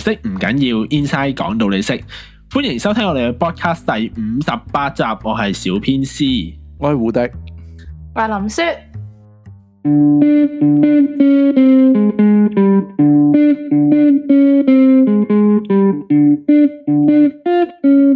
識唔緊要，Inside 講到你識。歡迎收聽我哋嘅 podcast 第五十八集，我係小編 C，我係胡迪，我係林雪。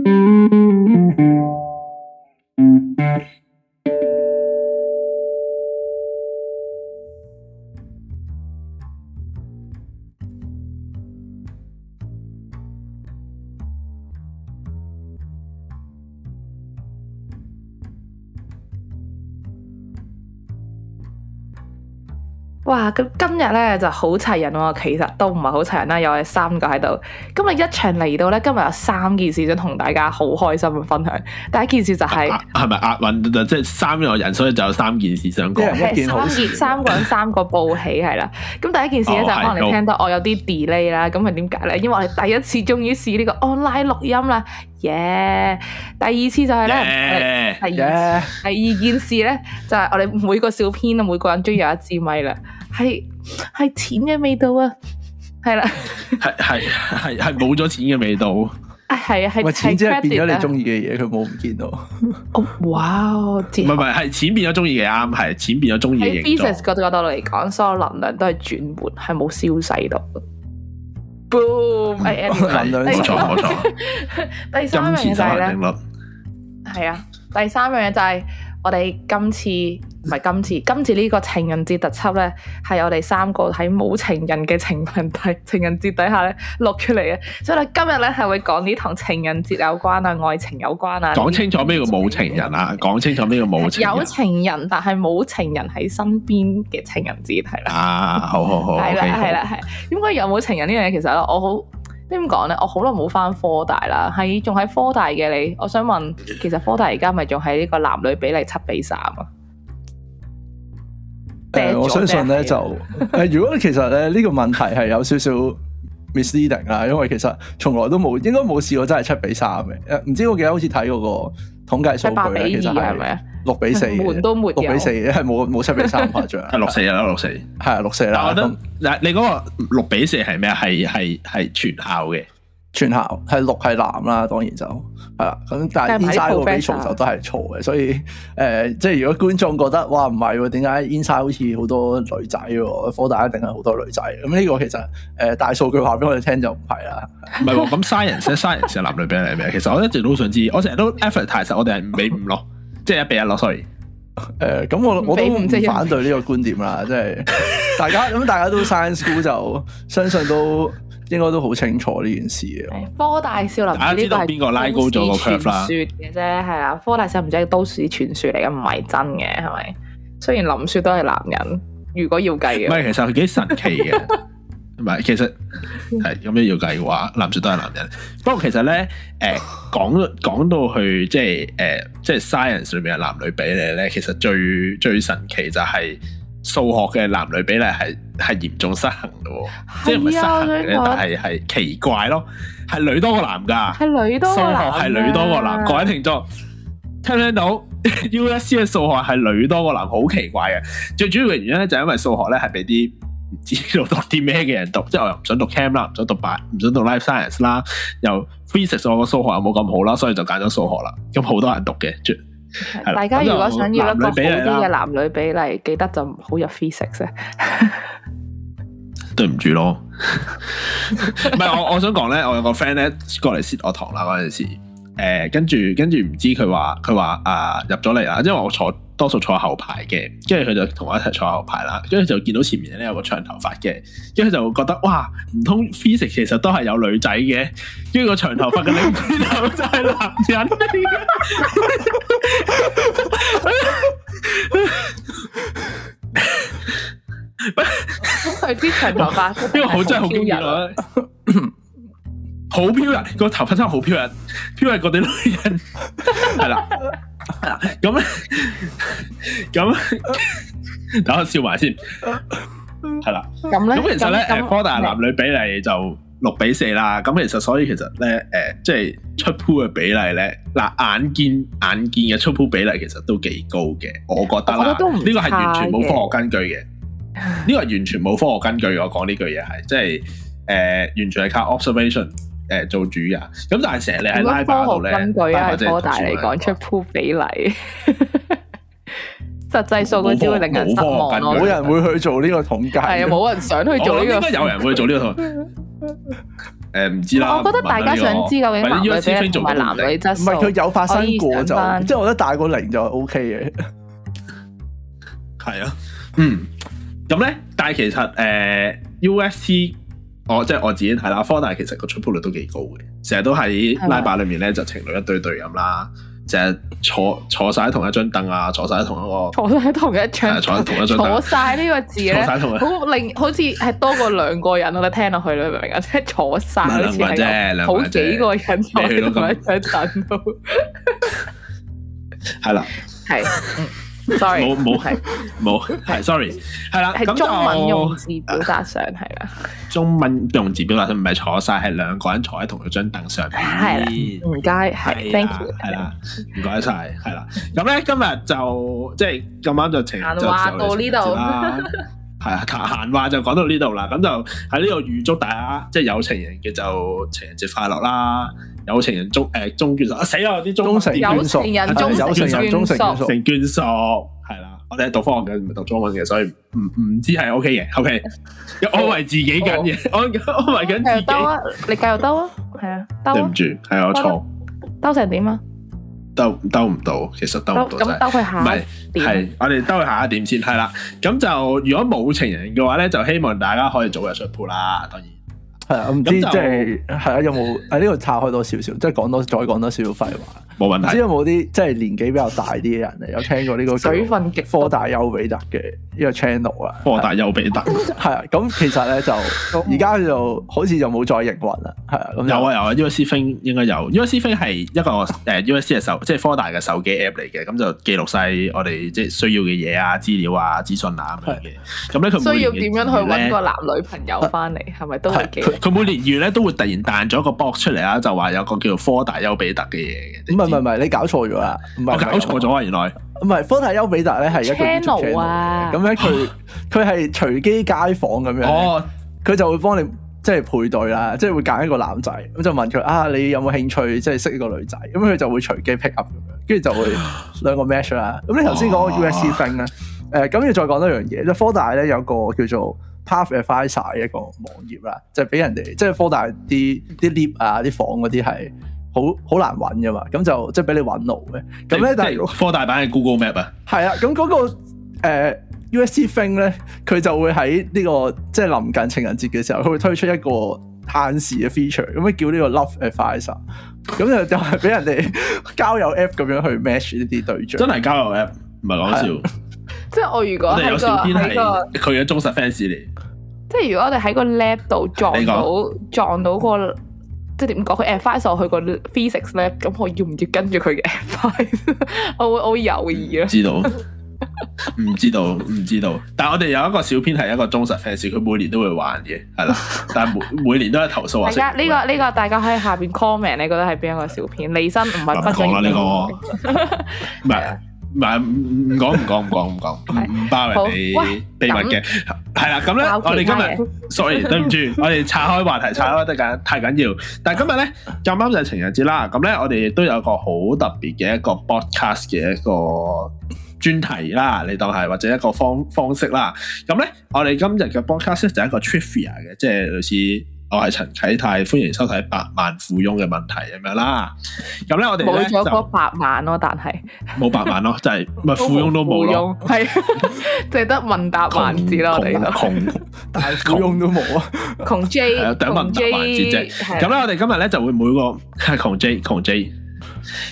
哇！咁今日咧就好齊人喎，其實都唔係好齊人啦，有我哋三個喺度。今日一場嚟到咧，今日有三件事想同大家好開心咁分享。第一件事就係係咪押運？即係三個人，所以就有三件事想講。的的三件三，三個人， 三個報喜係啦。咁第一件事咧就可能你聽到我有啲 delay 啦。咁係點解咧？因為我哋第一次終於試呢個 online 錄音啦。耶、yeah! Yeah! 呃！第二次就係咧，係 Yeah! 第二件事咧就係、是、我哋每個小編啊，每個人都有一支咪啦。係係錢嘅味道啊，係啦，係係係係冇咗錢嘅味道啊，係啊係，錢即係變咗你中意嘅嘢，佢冇唔見到。哦、哇！唔係唔係，係錢變咗中意嘅啱，係錢變咗中意嘅形狀。個角度嚟講，所有能量都係轉換，係冇消逝。到。Boom！能量冇錯冇錯。 第三樣嘢咧，係啊，第三樣嘢就係、是。我哋今次唔係今次今次呢個情人節特輯呢，係我哋三個喺冇情人嘅情,情人節底情人節底下呢錄出嚟嘅，所以咧今日呢，係會講啲同情人節有關啊、愛情有關啊。講清楚咩叫冇情人啊？講清楚咩叫冇情人啊？有情人，但係冇情人喺身邊嘅情人節係啦。啊，好好好，係啦係啦係。應該有冇情人呢樣嘢，其實我好。點講咧？我好耐冇翻科大啦，係仲喺科大嘅你，我想問，其實科大而家咪仲喺呢個男女比例七比三啊？誒、呃，我相信咧是就誒，如、呃、果其實咧呢個問題係有少少 misleading 啊，因為其實從來都冇，應該冇試過真係七比三嘅。誒，唔知我記得好似睇嗰個。統計數據啦，其實係咪啊？六比四，門都沒嘅，六比四係冇冇七比三誇張。係六四啦，六四係六四啦。我得嗱，你嗰個六比四係咩啊？係係係全校嘅。全校係六係男啦，當然就係啦。咁但係 Insa 嗰組就都係錯嘅，所以誒、呃，即係如果觀眾覺得哇唔係喎，點解 Insa 好似好多女仔喎？科大一定係好多女仔。咁呢個其實誒、呃、大數據話俾我哋聽就唔係啦，唔係喎。咁 science science 係男女比例係咩？其實我一直都想知，我成日都 effort 太實，我哋係唔俾唔落，即係一比一落。sorry。誒，咁我我都唔反對呢個觀點啦，即係大家咁大家都 science school 就相信都。應該都好清楚呢件事嘅。科大少林、啊，大家知道係邊個拉高咗個傳說嘅啫，係啦、啊。科大少林唔知係都市傳說嚟嘅，唔係真嘅，係咪？雖然林雪都係男人，如果要計嘅，唔係，其實佢幾神奇嘅。唔係， 其實係有咩要計嘅話，林雪都係男人。 不過其實咧，誒、呃，講講到去即係誒，即係、呃、science 裏面嘅男女比例咧，其實最最神奇就係、是。數學嘅男女比例係係嚴重失衡嘅喎，是啊、即係唔係失衡嘅，但係係奇怪咯，係女多過男噶，係女多的。數學係女多過男，男，男，各位聽眾聽唔聽到？U S C 嘅數學係女多過男，好奇怪嘅。最主要嘅原因咧就係因為數學咧係俾啲唔知道讀啲咩嘅人讀，即係我又唔想讀 c a m 啦，唔想讀白，唔想，想讀 life science 啦，又 physics 我個數學又冇咁好啦，所以就揀咗數學啦。咁好多人讀嘅。大家如果想要一個好啲嘅男女比例，比例記得就唔好入 physics 啊！對唔住咯，唔 係 我我想講咧，我有個 friend 咧過嚟 sit 我堂啦嗰陣時，誒、呃，跟住跟住唔知佢話佢話啊入咗嚟啦，因為我坐。多數坐後排嘅，佢就跟住佢就同我一齊坐後排啦。跟住就見到前面咧有個長頭髮嘅，跟住佢就覺得哇，唔通 physics 其實都係有女仔嘅？跟住個長頭髮嘅，然後就係男人。咁係啲長頭髮。呢個好真係好驚人啊！好飄逸，個頭髮真係好飄逸，飄逸過啲女人。係 啦。係啦，咁咁等我笑埋先，係啦。咁咁其實咧，嗯、科大男女比例就六比四啦。咁其實所以其實咧，誒、呃，即係出 pool 嘅比例咧，嗱，眼見眼見嘅出 pool 比例其實都幾高嘅，我覺得啦。呢個係完全冇科學根據嘅，呢唉個係完全冇科學根據。我講呢句嘢係，即係誒、呃，完全係靠 observation。誒、欸，做主任咁，但係成日你喺拉科學根度咧、啊，係科大嚟講出 pool 比例，呵呵實際數據只會令人失望。冇人會去做呢個統計，係啊，冇人想去做呢個。哦嗯、有人會去做呢個統計。誒、 欸，唔知啦。我覺得大家想知究竟男女比例男女唔係佢有發生過就，即係我覺得大過零就 OK 嘅。係啊，嗯。咁咧，但係其實誒，UST。呃我、哦、即係我自己睇啦，科大其實個出鋪率都幾高嘅，成日都喺拉吧裏面咧就情侶一對對咁啦，成日坐坐晒同一張凳啊，坐晒喺同一個，坐晒同一張，坐喺同一張坐晒呢個字咧，好令好似係多過兩個人咯， 我聽落去了你不明唔明啊？即係坐晒，冇兩萬好幾個人坐喺同一張凳度，係啦，係。sorry，冇冇係，冇係，sorry 係啦，係中文用字表達上係啦，中文用字表達上唔係坐晒，係兩個人坐喺同一張凳上面係，唔該，係 thank you 係啦，唔該晒，係啦。咁咧今日就即係咁啱就情人節啦，係啊。閒話就講到呢度啦，咁就喺呢度預祝大家即係有情人嘅就情人節快樂啦。有情人終，誒終眷屬啊，死啊，啲中成眷屬，有情人終成眷屬，成眷屬係啦，我哋喺讀科學嘅唔係讀中文嘅，所以唔唔知係 O K 嘅 O K。安慰自己緊嘅，我安慰緊自啊。你繼續兜啊，係啊，對唔住係我錯，兜成點啊？兜兜唔到，其實兜唔到咁兜佢下唔係，係我哋兜佢下一點先係啦。咁就如果冇情人嘅話咧，就希望大家可以早日出盤啦。當然。係啊，唔知就即係，係啊，有冇喺呢度岔開多少少，即係講多再講多少少廢話。冇問題。知有冇啲即係年紀比較大啲嘅人啊？有聽過呢個叫水分極科，科大丘比特》嘅一個 channel 啊？科大丘比特》。係啊，咁其實咧就而家就好似就冇再營運啦。係啊，啊，有啊有啊，U S Fing 應該有。U S Fing 係一個誒 U S 嘅手機，即係科大嘅手機 app 嚟嘅，咁就記錄晒我哋即係需要嘅嘢啊、資料啊、資訊啊咁、啊、樣嘅。咁咧，需要點樣去搵個男女朋友翻嚟？係咪都係幾？佢每年月咧都會突然彈咗個 box 出嚟啦，就話有個叫做科大丘比特嘅嘢嘅。唔係唔係唔係，你搞錯咗啦！我搞錯咗啊，原來唔係科大丘比特咧係一個電腦啊。咁咧佢佢係隨機街訪咁樣，佢 就會幫你即係配對啦，即係會揀一個男仔，咁就問佢啊你有冇興趣即係識一個女仔？咁、嗯、佢就會隨機 pick up 咁樣，跟住就會兩個 match 啦、嗯。咁你頭先講個 USC friend 咁要再講多樣嘢，即科大咧有個叫做。Path Advisor 一個網頁啦，即係俾人哋即係科大啲啲 lift 啊、啲房嗰啲係好好難揾㗎嘛，咁就、就是、那即係俾你揾路嘅。咁咧但係科大版嘅 Google Map 啊，係啊，咁嗰、那個、呃、USC thing 咧，佢就會喺呢、這個即係臨近情人節嘅時候，佢會推出一個限時嘅 feature，咁叫呢個 Love Advisor，咁就就係俾人哋交友 app 咁樣去 match 呢啲對象。真係交友 app，唔係講笑。即係我如果有小編係佢嘅忠實 fans 嚟，即係如果我哋喺個 lab 度撞到撞到個，即係點講？佢 advise 我去個 physics lab，咁我要唔要跟住佢嘅 advise？我會好會猶豫啦。知道？唔知道？唔知道？但係我哋有一個小編係一個忠實 fans，佢每年都會玩嘅，係啦。但係每每年都係投訴啊。而家呢個呢個，大家喺下邊 comment，你覺得係邊一個小編？李生唔係不講呢個，唔係。唔係唔講，唔講唔講唔講，唔包你秘密嘅，係啦，咁咧我哋今日 sorry 對唔住，我哋、嗯、拆開話題，拆開得緊太緊要。嗯、但係今日咧咁啱就係情人節啦，咁咧我哋亦都有一個好特別嘅一個 broadcast 嘅一個專題啦，你當係或者一個方方式啦。咁咧我哋今日嘅 broadcast 就係一個 trivia 嘅，即、就、係、是、類似。我係陳啟泰，歡迎收睇《百萬富翁嘅問題》咁樣啦。咁咧我哋冇咗嗰百萬咯、就是，但係冇百萬咯，就係、是、咪富翁都冇咯？係淨係得問答萬字咯，的我哋都窮，但係富翁都冇啊！窮 J，窮 J 只。咁咧我哋今日咧就會每個係窮 J，窮 J。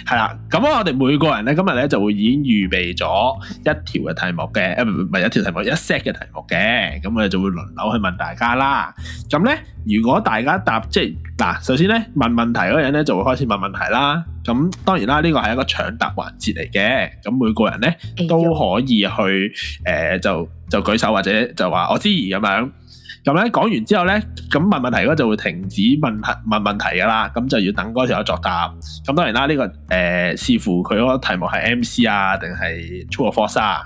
係啦，咁啊，我哋每個人咧今日咧就會已經預備咗一條嘅題目嘅，誒唔唔係一條題目，一 set 嘅題目嘅，咁我哋就會輪流去問大家啦。咁咧如果大家答即係嗱，首先咧問問題嗰個人咧就會開始問問題啦。咁當然啦，呢個係一個搶答環節嚟嘅，咁每個人咧都可以去誒就就舉手或者就話我知咁樣。咁咧講完之後咧，咁問問題嗰個就會停止問問問題噶啦，咁就要等嗰條友作答。咁當然啦，呢個誒視乎佢嗰個題目係 MC 啊，定係 True or False 啊，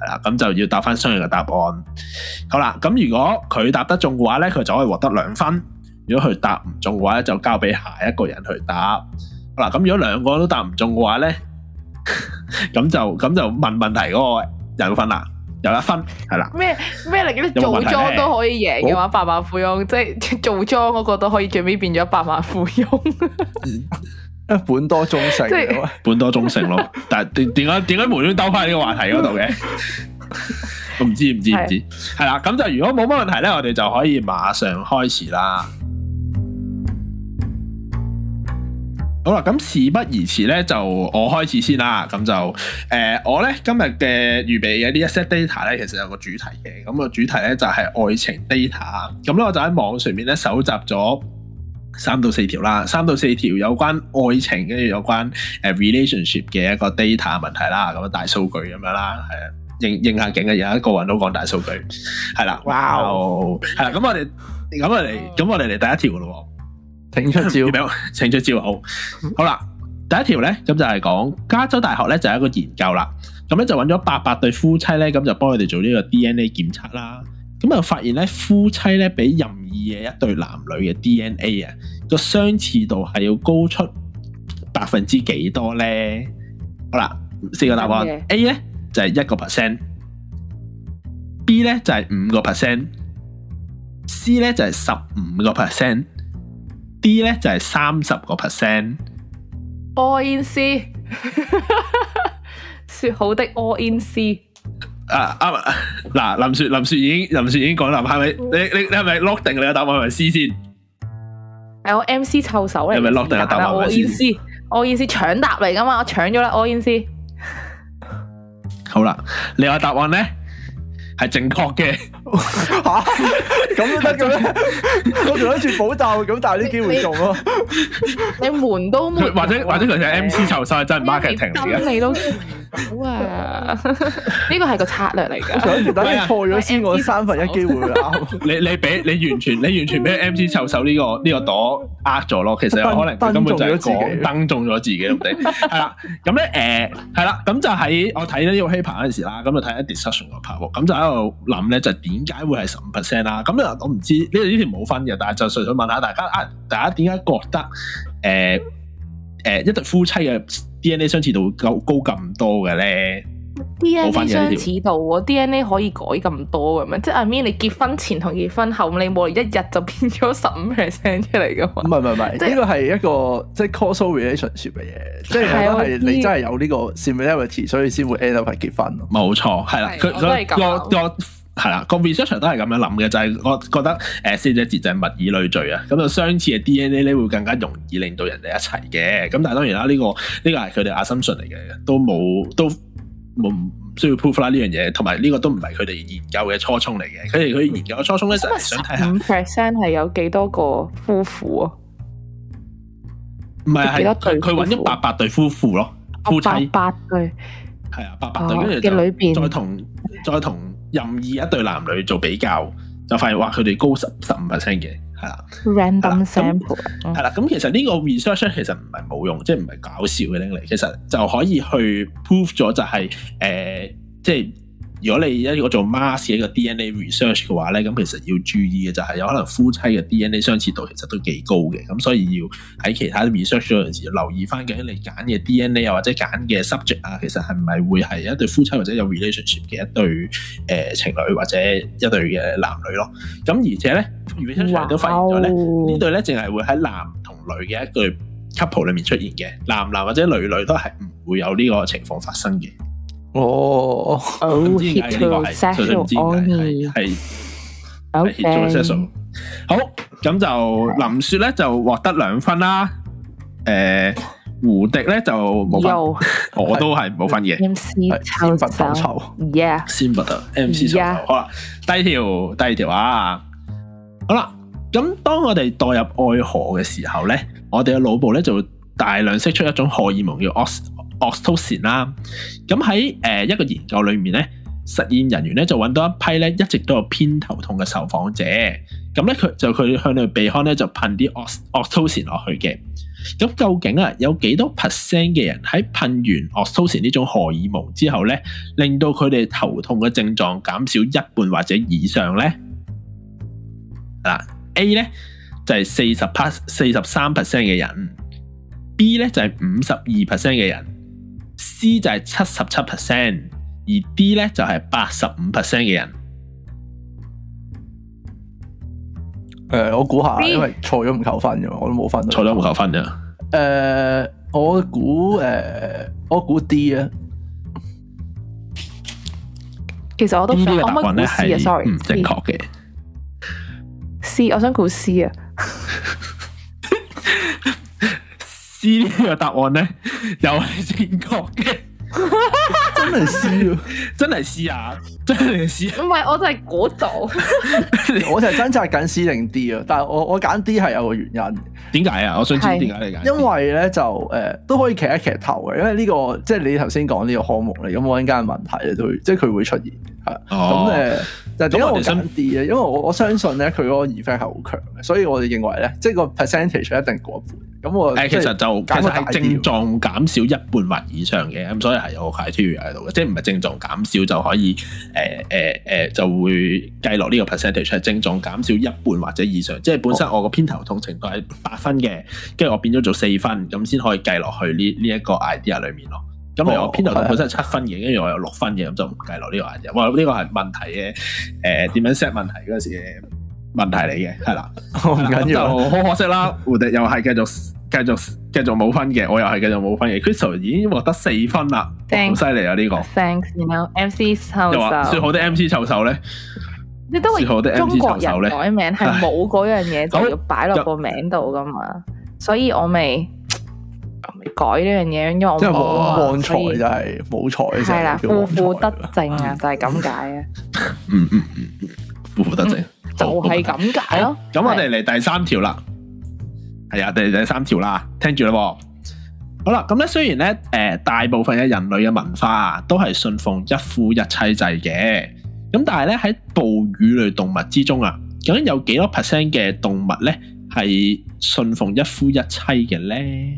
係啦，咁就要答翻相應嘅答案。好啦，咁如果佢答得中嘅話咧，佢就可以獲得兩分；如果佢答唔中嘅話咧，就交俾下一個人去答。好啦，咁如果兩個人都答唔中嘅話咧，咁就咁就問問題嗰個人有分啦。有一分係啦。咩咩嚟嘅？有有做莊都可以贏嘅話，百好萬富翁即係、就是、做莊嗰個都可以最尾變咗百萬富翁。一 本多忠誠，就是、本多忠誠咯。 但係點點解點解無端兜翻呢個話題嗰度嘅？我唔 知唔知唔是的 的知。係啦，咁就如果冇乜問題咧，我哋就可以馬上開始啦。好啦，咁事不宜遲咧，就我開始先啦。咁就誒、呃，我咧今日嘅預備嘅啲一 set data 咧，其實有個主題嘅。咁、那個主題咧就係、是、愛情 data。咁咧我就喺網上面咧搜集咗三到四條啦。三到四條有關愛情，跟住有，有關 relationship 嘅一個 data 問題啦。咁大數據咁樣啦，係啊，應，應下景啊，有一個人都講大數據，係啦， 哇哦，係啦， 咁我哋咁我哋咁我哋嚟第一條咯。請出照， 請出照。好。好啦，第一條咧，咁就係講加州大學咧就有、係、一個研究啦，咁咧就揾咗八百對夫妻咧，咁就幫佢哋做呢個 DNA 檢測啦。咁啊，發現咧夫妻咧比任意嘅一對男女嘅 DNA 啊、個相似度係要高出百分之幾多咧？好啦，四個答案 A 咧就係一個 percent，B 咧就係五個 percent，C 咧就係十五個 percent。D 咧就係三十個 percent。All in C， 說好的 All in C。啊啱啊，嗱林雪林雪已經林雪已經講啦，係咪、oh.？你你你係咪 lock 定你嘅答案係咪 C 先？係我 M C 臭手嚟，係咪 lock 定個答案？All in C，All in C 搶答嚟噶嘛，我搶咗啦，All in C。好啦，你個答案咧係正確嘅。 吓咁都得嘅咩？我仲諗住補救。咁但係呢機會仲咯。你門都或者或者佢實 M C 籌手，真係 marketing 嘅。你都唔好啊！呢個係個策略嚟嘅。想住但係錯咗先，我三分一機會啦。你你俾你完全你完全俾 M C 籌手呢個呢個朵呃咗咯。其實有可能佢根本就係講登中咗自己。係啦，咁咧誒係啦，咁就喺我睇呢個 paper 嗰陣時啦，咁就睇吓 discussion 嘅 part 咁就喺度諗咧就點。點解會係十五 percent 啦？咁啊，我唔知呢條冇分嘅，但係就純粹問一下大家啊，大家點解覺得誒誒、呃呃、一對夫妻嘅 DNA 相似度會高咁多嘅咧？DNA 分相似度、啊、，DNA 可以改咁多嘅咩？即係阿 I Min，mean, 你結婚前同結婚後，你冇一日就變咗十五 percent 出嚟嘅嘛？唔係唔係，呢個係一個即係 causal relations 嘅嘢，即係係你真係有呢個 similarity，所以先會 end up 係結婚冇錯，係啦的，佢佢個係啦，是那個 research 都係咁樣諗嘅，就係、是、我覺得誒四隻字就係物以類聚啊，咁就相似嘅 DNA 咧會更加容易令到人哋一齊嘅。咁但係當然啦，呢、這個呢係佢哋 assumption 嚟嘅，都冇都冇唔需要 prove 啦呢樣嘢。同埋呢個都唔係佢哋研究嘅初衷嚟嘅。佢哋佢研究嘅初衷咧就係想睇下五 percent 係有幾多個夫婦啊？唔係，係佢佢揾咗八百八對夫婦咯，夫妻八、哦、對，係啊，八百對嘅裏邊再同再同。任意一對男女做比較，就發現哇，佢哋高十十五 percent 嘅，係啦。Random sample 係啦，咁、嗯、其實呢個 research 其實唔係冇用，即係唔係搞笑嘅，拎嚟其實就可以去 prove 咗就係即係。呃就是如果你而家做 mask 嘅一個 DNA research 嘅話咧，咁其實要注意嘅就係有可能夫妻嘅 DNA 相似度其實都幾高嘅，咁所以要喺其他 research 嗰陣時留意翻究竟你揀嘅 DNA 又或者揀嘅 subject 啊，其實係咪會係一對夫妻或者有 relationship 嘅一對、呃、情侶或者一對嘅男女咯？咁而且咧，research 都發現咗咧，這對呢對咧淨係會喺男同女嘅一對 couple 裏面出現嘅，男男或者女女都係唔會有呢個情況發生嘅。哦，唔知嘅呢個係，相信唔知嘅係，係，係協助射手。好，咁就林雪咧就獲得兩分啦。誒，胡迪咧就冇分，我都係冇分嘅。M C 臭手，先不得，M C 臭手。好啦，第二條，第二條啊。好啦，咁當我哋墮入愛河嘅時候咧，我哋嘅腦部咧就大量釋出一種荷爾蒙叫 o s t Oxytocin 啦，咁喺誒一個研究裏面咧，實驗人員咧就揾到一批咧一直都有偏頭痛嘅受訪者，咁咧佢就佢向你鼻腔咧就噴啲 Oxytocin Oxytocin 落去嘅，咁究竟啊有幾多 percent 嘅人喺噴完 o Oxytocin 呢種荷爾蒙之後咧，令到佢哋頭痛嘅症狀減少一半或者以上咧？嗱，A 咧就係四十 percent、四十三 percent 嘅人，B 咧就係五十二 percent 嘅人。C 就係七十七 percent，而 D 咧就係八十五 percent 嘅人。誒、呃，我估下，因為錯咗唔扣分咋嘛，我都冇分。錯咗唔扣分咋？誒、呃，我估誒、呃，我估 D 啊。其實我都唔知，呢我乜、啊？呢，sorry，唔正確嘅。C，我想估 C 啊。知呢個答案呢，又係正確嘅，真係試、啊，真係試下。即係試，唔係我就係嗰度，我就係真 扎緊 C 定 D 啊！但係我我揀 D 係有個原因，點解啊？我想知點解你揀？因為咧就誒、呃、都可以騎一騎頭嘅，因為呢、這個即係你頭先講呢個科目嚟，咁我陣間問題咧都會即係佢會出現係，咁誒、哦嗯嗯、就點解我揀 D 啊？因為我我相信咧佢嗰個 effect 係好強嘅，所以我哋認為咧即係個 percentage 一定過半，咁我、欸、其實就減其減曬症狀減少一半或以上嘅，咁所以係有個 criteria 喺度嘅，即係唔係症狀減少就可以誒。呃誒誒誒就會計落呢個 percentage 係症狀減少一半或者以上，即係本身我個偏頭痛程度係八分嘅，跟住我變咗做四分，咁先可以計落去呢呢一個 idea 裏面咯。咁我偏頭痛本身係七分嘅，跟住我有六分嘅，咁就唔計落呢個 idea。哇！呢、這個係問題嘅，誒、呃、點樣 set 問題嗰陣時。問題嚟嘅係啦，好唔緊要，好可惜啦，胡迪又係繼續繼續繼續冇分嘅，我又係繼續冇分嘅。Crystal 已經獲得四分啦，好犀利啊呢個。Thanks 然後 MC 臭手，又話最好啲 MC 臭手咧，你都係最好啲 MC 臭手咧，改名係冇嗰樣嘢就要擺落個名度噶嘛，所以我未改呢樣嘢，因為我冇旺財，真係冇財，係啦，負負得正啊，就係咁解啊，嗯嗯嗯嗯，負負得正。好就係咁解咯。咁我哋嚟第三條啦，係是啊，第第三條啦，聽住啦。好啦，咁咧雖然咧，誒、呃，大部分嘅人類嘅文化都係信奉一夫一妻制嘅，咁但係咧喺哺乳類動物之中啊，究竟有幾多 percent 嘅動物咧係信奉一夫一妻嘅咧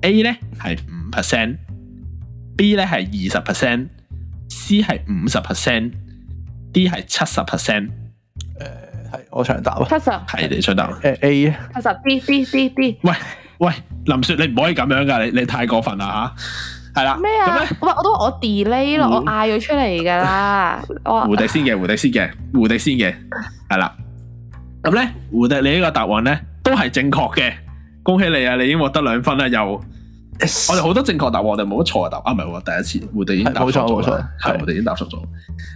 ？A 咧係五 percent，B 咧係二十 percent，C 係五十 percent。D 係七十 percent，誒係我搶答啊，七十係你搶答，誒 A 啊，七十 b C C D。喂喂，林雪你唔可以咁樣噶，你你太過分啦吓，係啦咩啊？喂我都我 delay 咯，我嗌佢出嚟噶啦，我話胡迪先嘅，胡迪先嘅，胡迪先嘅，係啦。咁咧胡迪你呢個答案咧都係正確嘅，恭喜你啊！你已經獲得兩分啦，又我哋好多正確答案，我哋冇得錯啊答啊，唔係第一次胡迪已經答錯咗，係胡迪已經答錯咗，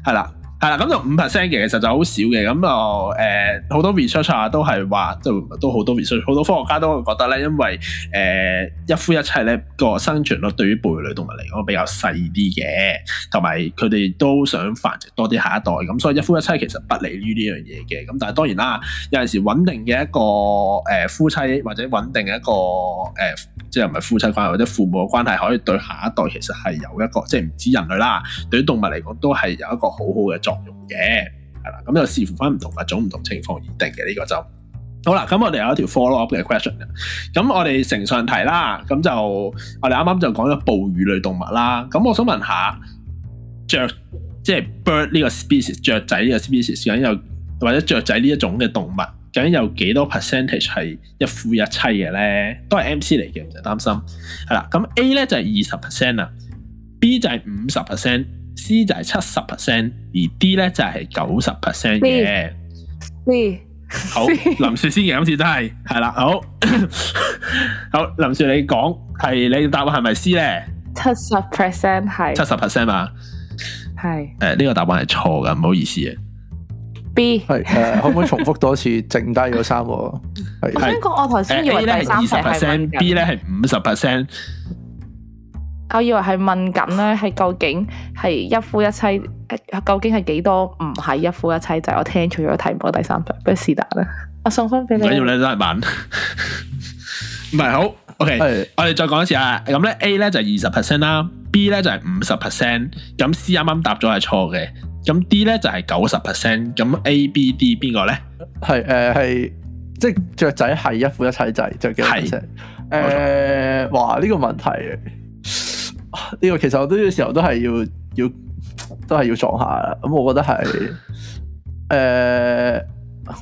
係啦。係啦，咁就五 percent 嘅其實就好少嘅，咁就誒好、呃、多 research 啊都係話，即都好多 research，好多科學家都會覺得咧，因為誒、呃、一夫一妻咧個生存率對於哺乳類動物嚟講比較細啲嘅，同埋佢哋都想繁殖多啲下一代，咁所以一夫一妻其實不利於呢樣嘢嘅，咁但係當然啦，有陣時穩定嘅一個、呃、夫妻或者穩定嘅一個、呃、即係唔係夫妻關係或者父母嘅關係，可以對下一代其實係有一個即係唔止人類啦，對於動物嚟講都係有一個好好嘅作用。嘅係啦，咁就視乎翻唔同物種、唔同情況而定嘅呢、這個就好啦。咁我哋有一條 follow up 嘅 question 啊，咁我哋承上題啦，咁就我哋啱啱就講咗哺乳類動物啦，咁我想問下雀，即、就、係、是、bird 呢個 species 雀仔呢個 species，究竟有，或者雀仔呢一種嘅動物，究竟有幾多 percentage 係一夫一妻嘅咧？都係 MC 嚟嘅，唔使擔心。係啦，咁 A 咧就係二十 percent 啊，B 就係五十 percent。C 就係七十 percent，而 D 咧就係九十 percent 嘅。C 好，林雪先嘅今次真係，係啦。好，好，林雪你講係你嘅答案係咪 C 咧？七十 percent 係。七十 percent 啊，係。誒，呢個答案係錯噶，唔好意思啊。B 係誒，可唔可以重複多次？剩低咗三個。我想講，我頭先以為係二十 percent，B 咧係五十 percent。我以為係問緊咧，係究竟係一夫一妻，究竟係幾多唔係一夫一妻制？我聽錯咗題目第三句，不如是但啦。我送翻俾你。唔緊要，你都係問。唔 係好 OK，的我哋再講一次啊。咁咧 A 咧就係二十 percent 啦，B 咧就係五十 percent。咁 C 啱啱答咗係錯嘅，咁 D 咧就係九十 percent。咁 A、B、剛剛 D 邊個咧？係即係雀仔係一夫一妻制，就叫。嘩呢個問題。呢個其實我都有時候都係要要都係要撞下啦，咁我覺得係，誒、呃，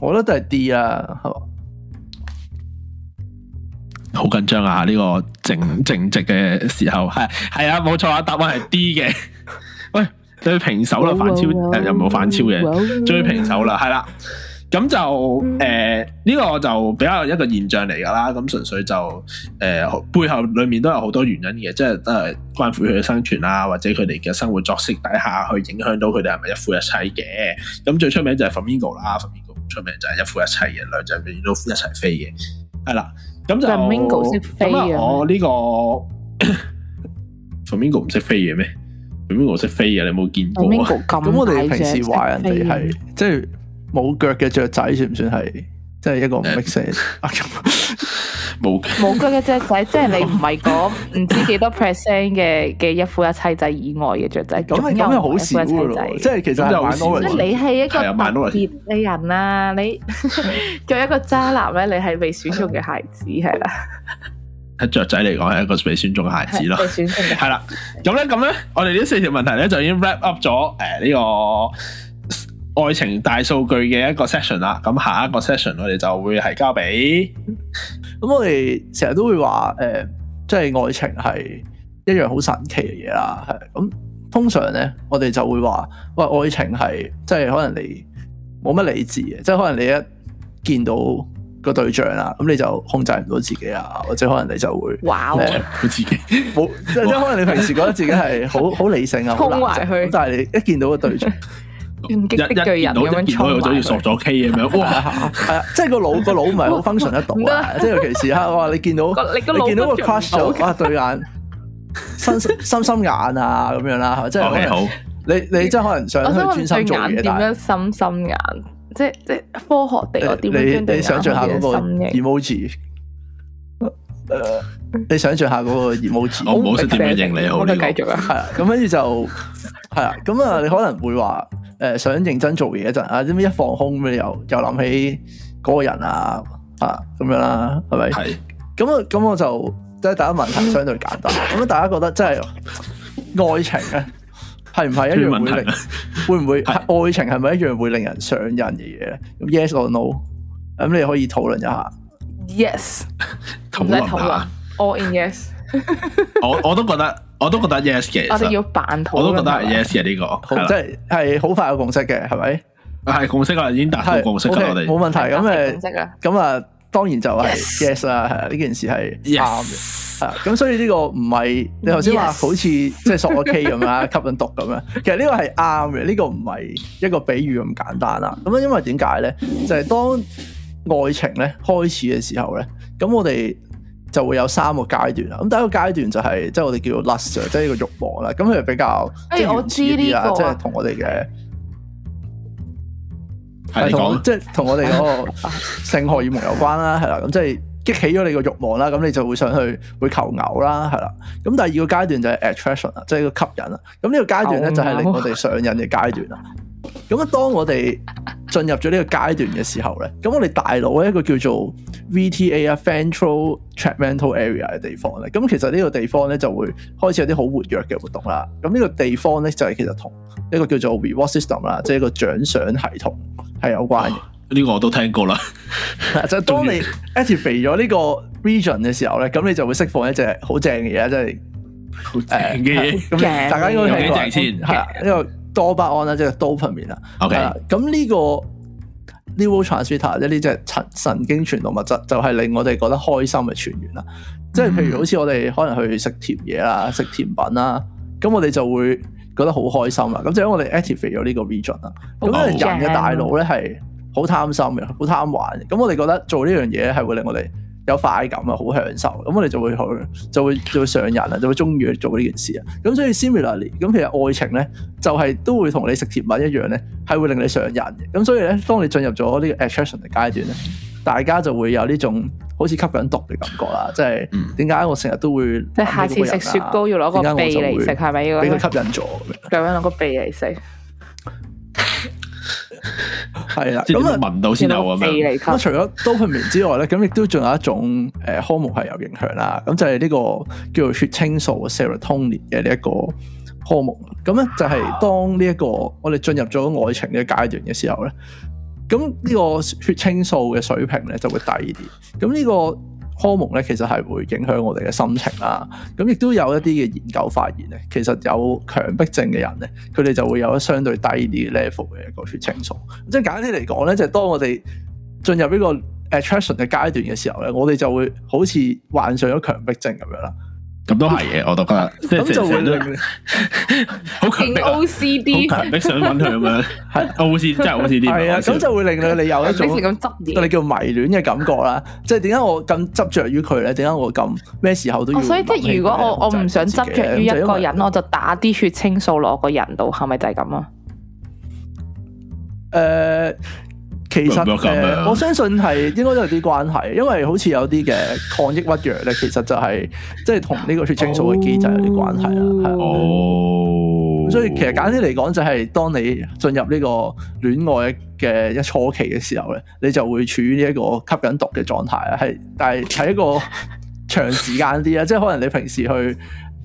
我覺得都係 D 啊，係好緊張啊！呢、這個正正值嘅時候，係係啊，冇錯啊，答案係 D 嘅， 喂，最平手啦， 反超、 呃、又冇反超嘅，終於 平手啦，係啦、啊。咁就誒呢、嗯呃呢個就比較一個現象嚟㗎啦。咁純粹就誒、呃、背後裏面都有好多原因嘅，即係誒都係關乎佢嘅生存啊，或者佢哋嘅生活作息底下去影響到佢哋係咪一夫一妻嘅。咁最名、嗯、出名就係 flamingo 啦，flamingo 最出名就係一夫一妻嘅， 兩隻 bird 一齊飛嘅。係啦，咁 就 flamingo 咁啊！飛嘅我呢、呢個 flamingo 唔識飛嘅咩？flamingo 識飛嘅，你冇見過？咁 我哋平時話人哋係即係。冇腳嘅雀仔算唔算係？即係一個 mix 冇冇腳嘅雀仔，即係你唔係講唔知幾多 percent 嘅嘅一夫一妻制以外嘅雀仔，咁咁係好事咯。即係其實即係你係一個特別嘅人啊！你作為一個渣男咧，你係未選中嘅孩子係啦。喺雀仔嚟講，係一個未選中嘅孩子咯。係啦，咁咧咁咧，我哋呢四條問題咧就已經 wrap up 咗誒呢個愛情大數據嘅一個 session 啦，咁下一個 session 我哋就會係交俾、嗯，咁我哋成日都會話，誒、呃，即係愛情係一樣好神奇嘅嘢啦，係，咁通常咧我哋就會話，喂，愛情係即係可能你冇乜理智嘅，即係可能你一見到個對象啦，咁你就控制唔到自己啊，或者可能你就會，哇 Wow,、呃，控制自己，冇， 即係即係可能你平時覺得自己係好好理性啊，胸懷去，但係你一見到個對象。 唔激的巨人咁樣就好似索咗 K，即係個腦個腦唔係好 function 得到啊！即係尤其是哈哇，你見到你見到個 crush 咗，哇對眼深深深眼啊咁樣啦，係咪？即係你好，你你即係可能想去專心做嘢，點樣深深眼？即係即係科學地。你想象下嗰個 emoji？你想象下嗰個 emoji，我唔識點樣認你好。繼續啊，係啊，咁跟住就係啊，咁啊，你可能會話。誒想認真做嘢一陣，啊點解一放空咁樣又又諗起嗰個人啊，啊咁樣啦，係咪？係是。咁啊咁我就即係第一問題相對簡單。咁 大家覺得真係愛情咧，係唔係一樣會令會唔會是愛情係咪一樣會令人上癮嘅嘢？咁 Yes or No？咁你可以討論一下。Yes 讀讀下。同我討論。下 All in yes 我。我我都覺得。我都覺得 yes 嘅，我哋要扮同。我都覺得 yes 嘅呢個，即係係好快有共識嘅，係咪？係共識啦，已經達到共識，我哋冇問題。咁誒，咁啊，當然就係 yes 啦，係呢件事係啱嘅。咁所以呢個唔係你頭先話好似即係索 K 咁樣，吸毒咁樣。其實呢個係啱嘅，呢個唔係一個比喻咁簡單啦。咁因為點解咧？就係當愛情咧開始嘅時候咧，咁我哋。就會有三個階段啦，咁第一個階段就係即係我哋叫做 lust，即係呢個慾望啦。咁佢比較，即係、欸、我知呢個、啊們的，即係同我哋嘅係講，即係同我哋嗰個性荷爾蒙有關啦，係啦。咁即係激起咗你個慾望啦，咁你就會上去會求偶啦，係啦。咁第二個階段就係 attraction 啦，即係一個吸引啦。咁、這、呢個階段咧就係令我哋上癮嘅階段啦。咁啊，當我哋進入咗呢個階段嘅時候咧，咁我哋大腦一個叫做 VTA 啊，ventral tegmental area 嘅地方咧，咁其實呢個地方咧就會開始有啲好活躍嘅活動啦。咁呢個地方咧就係其實同一個叫做 reward system 啦，即係一個獎賞系統係有關嘅。呢、哦這個我都聽過啦。 就當你 activate 咗呢個 region 嘅時候咧，咁你就會釋放一隻好正嘅嘢，即係好正嘅嘢。咁大家應該幾正先？係啦、嗯，呢、啊這個。多巴胺啊，即係 Dopamine 啊。OK，咁呢個 neurotransmitter 即係呢隻神神經傳導物質，就係、是、令我哋覺得開心嘅傳源、啊。啦、嗯。即係譬如好似我哋可能去食甜嘢啦，食甜品啦、啊，咁、啊、我哋就會覺得好開心啦、啊。咁因係我哋 activate 咗呢個 region 啦。咁人嘅大腦咧係好貪心嘅，好貪玩嘅。咁我哋覺得做呢樣嘢係會令我哋。有快感啊，好享受，咁我哋就會去，就會就會上癮啊，就會中意去做呢件事啊。咁所以 similarly，咁其實愛情咧，就係、是、都會同你食甜品一樣咧，係會令你上癮嘅。咁所以咧，當你進入咗呢個 attraction 嘅階段咧，大家就會有呢種好似吸緊毒嘅感覺啦。即係點解我成日都會、啊？即係下次食雪糕要攞個鼻嚟食，係咪？俾佢吸引咗，咁樣攞個鼻嚟食。 係啦，咁聞到先有啊嘛。咁麼除咗 dopamine 之外咧，咁亦都仲有一種誒科目係有影響啦。咁就係呢個叫做血清素 （serotonin） 嘅呢一個科目。咁咧就係當呢一個我哋進入咗愛情嘅階段嘅時候咧，咁呢個血清素嘅水平咧就會低啲。咁呢個科目咧，其實係會影響我哋嘅心情啦。咁亦都有一啲嘅研究發現咧，其實有強迫症嘅人咧，佢哋就會有一相對低啲 level 嘅一個血清素。即係簡單啲嚟講咧，就係、當我哋進入呢個 attraction 嘅階段嘅時候咧，我哋就會好似患上咗強迫症咁樣啦。咁都係嘅，我都覺得，即係就會好強迫 OCD，強迫想揾佢咁樣。係，好似真係好似啲，係啊，咁就會令到你有一種咁執你叫迷戀嘅感覺啦。即係點解我咁執着於佢咧？點解我咁咩時候都要、哦？所以即係如果我我唔想執着於一個人，就我就打啲血清素落個人度，係咪就係咁啊？誒、呃。其實誒、呃，我相信係應該都有啲關係，因為好似有啲嘅抗抑鬱藥咧，其實就係、係、即係同呢個血清素嘅機制有啲關係啊。哦，所以其實簡啲嚟講，就係當你進入呢個戀愛嘅一初期嘅時候咧，你就會處於呢一個吸緊毒嘅狀態啊。係，但係喺一個長時間啲啊， 即係可能你平時去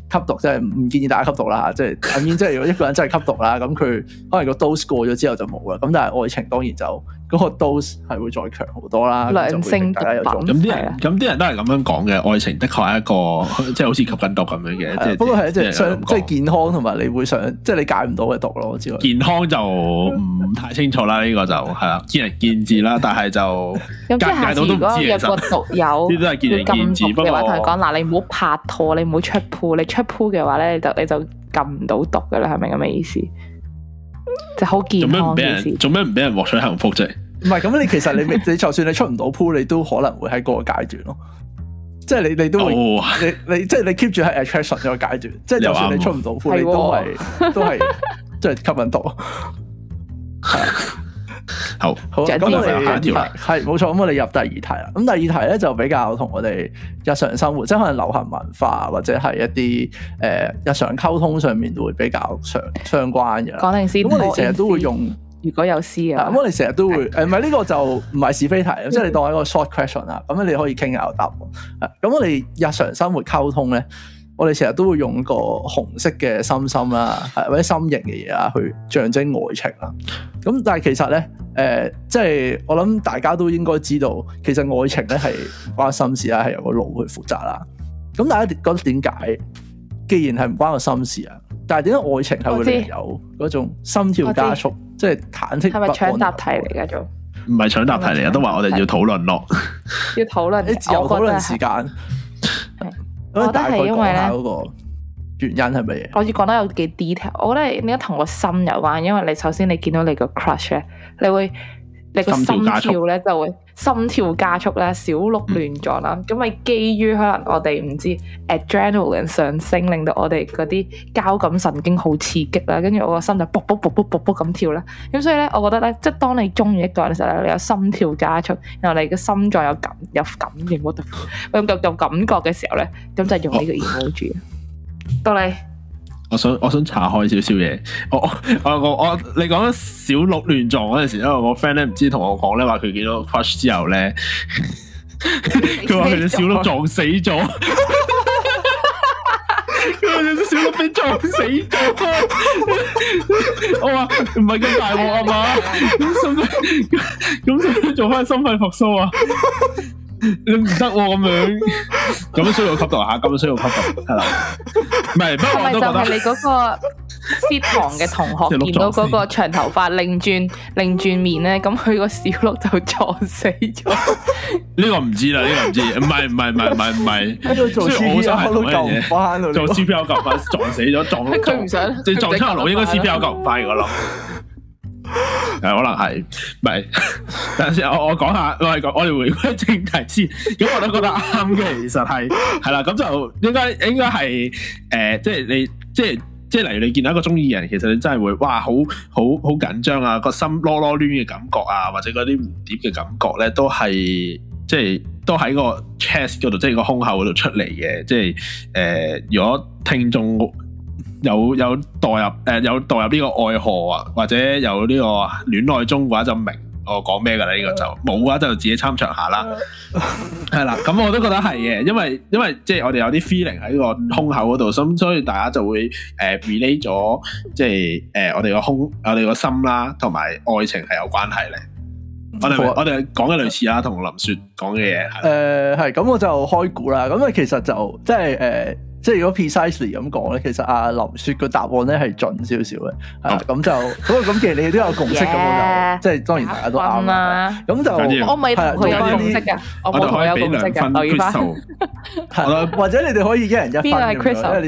吸毒，即係唔建議大家吸毒啦。即係，咁 I mean, 即係如果一個人真係吸毒啦，咁佢可能個 dose 過咗之後就冇啦。咁但係愛情當然就～嗰個 dose 係會再強好多啦，咁啲咁啲人都係咁樣講嘅，愛情的確係一個即係好似吸緊毒咁樣嘅，即係不過係一隻想即係健康同埋你會想即係你戒唔到嘅毒咯，我知道。健康就唔太清楚啦，呢個就係啦見仁見智啦，但係就戒到都唔知其實。呢啲都係見仁見智，不過同佢講嗱，你唔好拍拖，你唔好出鋪，你出鋪嘅話咧，你就你就禁唔到毒㗎啦，係咪咁嘅意思？就好健康嘅做咩唔俾人，做咩唔俾人獲取幸福啫？唔係咁，你其實你你就算你出唔到鋪，你都可能會喺嗰個階段咯。即係你你都會、oh. 你你即係、就是、你 keep 住喺 attraction 嗰個階段， 即係就算你出唔到鋪， 你都係 都係即係吸引到。 好好，咁、嗯、好我哋下一條係冇錯，咁我哋入第二題啦。咁、嗯、第二題咧就比較同我哋日常生活，即係可能流行文化或者係一啲誒、呃、日常溝通上面都會比較相相關嘅。講定先，咁我哋成日都會用。如果有詩啊，咁我哋成日都會誒，唔係呢個就唔係是，是非題即係、就是、你當係一個 short question 啦。咁你可以傾下個答案。咁、嗯嗯嗯、我哋日常生活溝通咧。我哋成日都會用個紅色嘅心心啦、啊，或者心形嘅嘢啊，去象徵愛情啦、啊。咁但係其實咧，誒、呃，即係我諗大家都應該知道，其實愛情咧係關心事啊，係 由個腦去負責啦、啊。咁大家覺得點解？既然係唔關個心事啊，但係點解愛情係會有嗰種心跳加速，即係忐忑不安？係咪搶答題嚟嘅？做唔係搶答題嚟啊！都話我哋要討論咯， 要討論， 自由討論時間。我覺得係因為呢個原因係咩嘢？我要講得有幾 detail。我覺得你而家同我心有關，因為你首先你見到你個 crush 你會。你個心跳咧就會心跳加速咧，小鹿亂撞啦。咁咪、嗯、基於可能我哋唔知 adrenaline 上升，令到我哋嗰啲交感神經好刺激啦，跟住我個心就噗噗噗噗噗噗咁跳啦。咁所以咧，我覺得咧，即係當你中意一個人嘅時候咧，你有心跳加速，然後你個心臟有感有感應，有有感覺嘅時候咧，咁就係用呢個 emoji。到你。我想我想查開少少嘢，我我我我你講小鹿亂撞嗰陣時，因為我 friend 咧唔知同我講咧話佢見到 crash 之後咧，佢話佢隻小鹿撞死咗，佢話隻小鹿俾撞死，撞死 我話唔係咁大鑊啊嘛，咁使唔咁使唔做翻心肺復蘇啊？你唔得喎咁樣，咁需要吸毒下，咁需要吸毒係啦，唔係。係咪就係你嗰個 f i 嘅同學見到嗰個長頭髮擰轉擰轉面咧？咁佢個小鹿就撞死咗。呢 個唔知啦，呢、這個唔知，唔係唔係唔係唔係唔係。喺度 做 C P R 夠做 C P R 夠快，撞死咗，撞佢唔想。你撞七樓應該 C P R 夠唔快個咯。 係 可能係，唔係等陣先。我我講下，我哋講，我哋回歸正題先。咁我都覺得啱嘅，其實係係啦。咁就應該應該係誒，即係你，即係即係，例如你見到一個中意人，其實你真係會哇，好好好緊張啊，個心囉囉攣嘅感覺啊，或者嗰啲蝴蝶嘅感覺咧，都係即係都喺個 chest 嗰度，即係個胸口嗰度出嚟嘅。即係誒、呃，如果聽眾。有有代入誒、呃、有代入呢個愛河啊，或者有呢個戀愛中嘅話，就明我講咩㗎啦？呢、這個就冇嘅話，就自己參詳一下啦。係 啦，咁、嗯、我都覺得係嘅，因為因為即係我哋有啲 feeling 喺個胸口嗰度，咁所，所以大家就會誒、呃、relate 咗，即係、呃、我哋個胸、我哋個心啦，同埋愛情係有關係咧。我哋我哋講嘅類似啦，同林雪講嘅嘢係誒係咁，呃、我就開估啦。咁啊，其實就即係即係如果 precisely 咁講咧，其實阿林雪個答案咧係準少少嘅，係啊咁就，所以咁其實你哋都有共識嘅，就即係當然大家都啱啦。咁就我咪同佢有共識嘅，我冇有共識嘅。劉以係啦，或者你哋可以一人一分，因為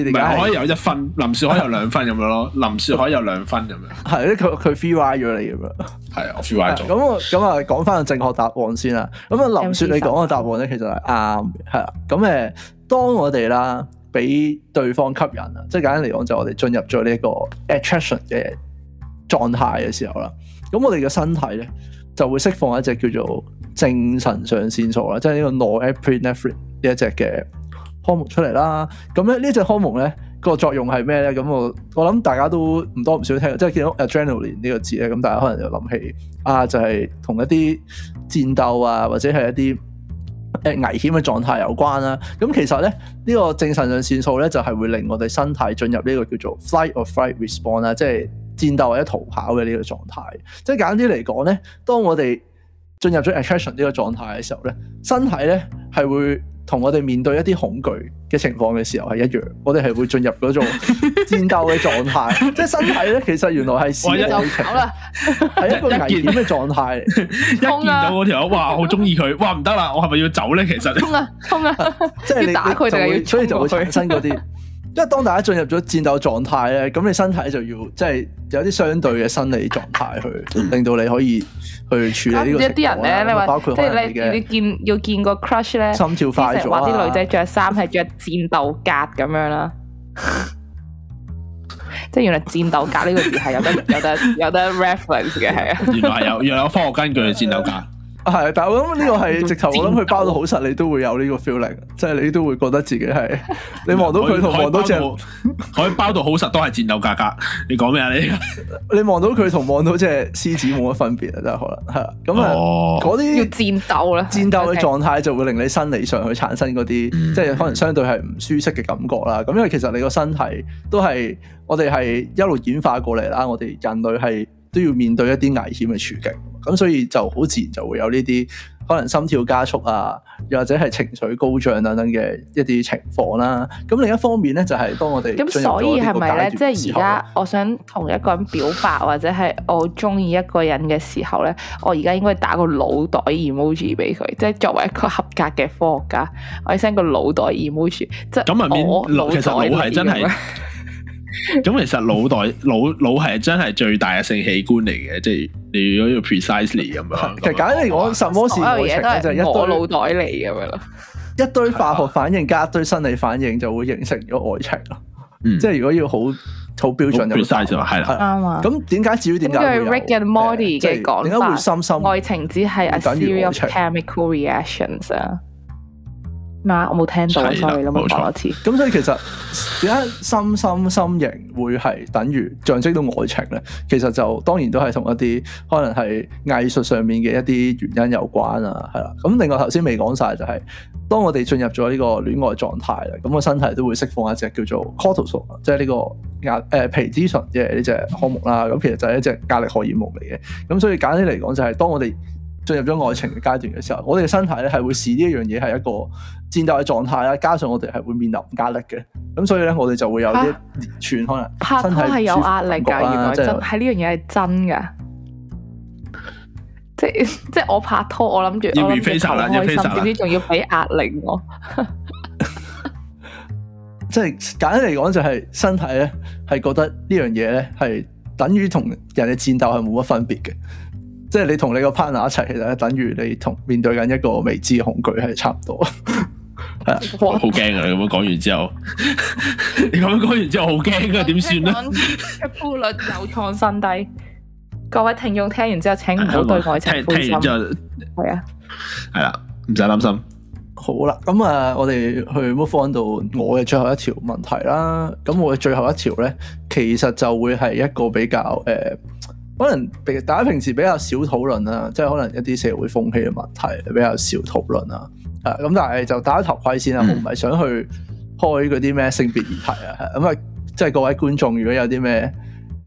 你哋唔係可以有一分，林雪可以有兩分咁樣咯，林雪可以有兩分咁樣。係，佢佢 free ride 咗你咁樣。係啊，free ride 咗。咁咁啊，講翻個正確答案先啦。咁啊，林雪你講個答案咧，其實係啱嘅，係啊咁誒，當我哋啦。俾對方吸引啦，即係簡單嚟講，就我哋進入咗呢一個 attraction 嘅狀態嘅時候啦。咁我哋嘅身體咧就會釋放一隻叫做正腎上腺素啦，即係呢個 norepinephrine 呢一隻嘅荷爾蒙出嚟啦。咁咧呢隻荷爾蒙咧個作用係咩咧？咁我我諗大家都唔多唔少聽，即係見到 adrenaline 呢個字咧，咁大家可能就諗起啊，就係、是、同一啲戰鬥啊，或者係一啲。危險嘅狀態有關啦，咁其實咧呢個正腎上腺素咧就係會令我哋身體進入呢個叫做 fight or flight response 啦，即係戰鬥或者逃跑嘅呢個狀態。即係簡單啲嚟講咧，當我哋進入咗 attraction 呢個狀態嘅時候咧，身體咧係會同我哋面對一啲恐懼嘅情況嘅時候係一樣，我哋係會進入嗰種。 戰鬥嘅狀態，即係身體咧，其實原來係事。好啦，係一個危險嘅狀態。一見到嗰條友哇，好中意佢，哇唔得啦，我係咪要走咧？其實。衝啊，衝啊，即係打佢定係要？所以就會產生嗰啲。因為當大家進入咗戰鬥狀態咧，咁你身體就要即係有啲相對嘅生理狀態去，令到你可以去處理呢個情況啦。包括即係你你見要見個 crush 咧，心跳快咗話，啲女仔着衫係着戰鬥格咁樣啦。即係原來戰鬥格呢個字係有得 有得有得有得 reference 嘅係啊，原來有，原來有科學根據嘅戰鬥格。係，但係我諗呢個係直頭，我諗佢包到好實，你都會有呢個 feeling，即係你都會覺得自己係，你望到佢同望到隻，可以包到好實都係戰鬥價格，格。你講咩啊？你、這個、你望到佢同望到隻獅子冇乜分別啊，真係可能吓。咁啊、就是，嗰啲叫戰鬥咧？戰鬥嘅狀態就會令你生理上去產生嗰啲，嗯、即係可能相對係唔舒適嘅感覺啦。咁、嗯、因為其實你個身體都係，我哋係一路演化過嚟啦。我哋人類係。都要面對一啲危險嘅處境，咁所以就好自然就會有呢啲可能心跳加速啊，又或者係情緒高漲等等嘅一啲情況啦、啊。咁另一方面咧，就係、是、當我哋咁，所以係咪咧？即係而家，我想同一個人表白，或者係我中意一個人嘅時候咧，我而家應該打個腦袋 emoji 俾佢，即係作為一個合格嘅科學家，我要 send 個腦袋 emoji。即係咁啊，其實腦係真係。咁 其實腦袋腦腦係真係最大嘅性器官嚟嘅，即係你如果要 precisely 咁樣，其實簡單嚟講我什麼事愛情都係一堆腦袋嚟咁樣咯，一堆化學反應加一堆生理反應就會形成咗愛情咯，嗎 即係如果要好好標準 precise, 就唔得，係啦吧，啱啊。咁點解至於點解？因為 Rick and Morty 嘅講法，愛情只係 a series of chemical reactions 啊。 我冇聽到，所以冇錯一次。咁所以其實而家心心心形會係等於象徵到愛情咧。其實就當然都係同一啲可能係藝術上面嘅一啲原因有關啊，係啦。咁另外頭先未講晒就係，當我哋進入咗呢個戀愛狀態啦，咁個身體都會釋放一隻叫做 cortisol，即係呢個壓誒皮質醇嘅呢隻項目啦。咁其實就係一隻壓力荷爾蒙嚟嘅。咁所以簡單嚟講就係，當我哋進入咗愛情嘅階段嘅時候，我哋身體咧係會視呢一樣嘢係一個戰鬥嘅狀態啦，加上我哋係會面臨壓力嘅，咁所以咧我哋就會有啲裂泉，可能。拍拖係有壓力噶，原來真係呢樣嘢係真噶。即即我拍拖，我諗住要。唔開心，點知仲要俾壓力我？即係簡單嚟講，就係身體咧係覺得呢樣嘢咧係等於同人嘅戰鬥係冇乜分別嘅。即係你同你個 partner 一齊，其實等於你同面對緊一個未知恐懼係差唔多。係 啊我，好驚啊！咁樣講完之後， 你咁樣講完之後好驚啊？點算咧？復率又創新低，各位 聽眾聽完之後，請唔好對愛情之心。係啊，係啦，啊，唔使擔心。好啦，咁啊，我哋去 move on 到我嘅最後一條問題啦。咁我嘅最後一條咧，其實就會係一個比較誒。呃可能大家平時比較少討論啦，即係可能一啲社會風氣嘅問題比較少討論啦，咁，但係就打啲頭盔先啦，我唔係想去開嗰啲咩性別議題啊，咁啊，即係各位觀眾如果有啲咩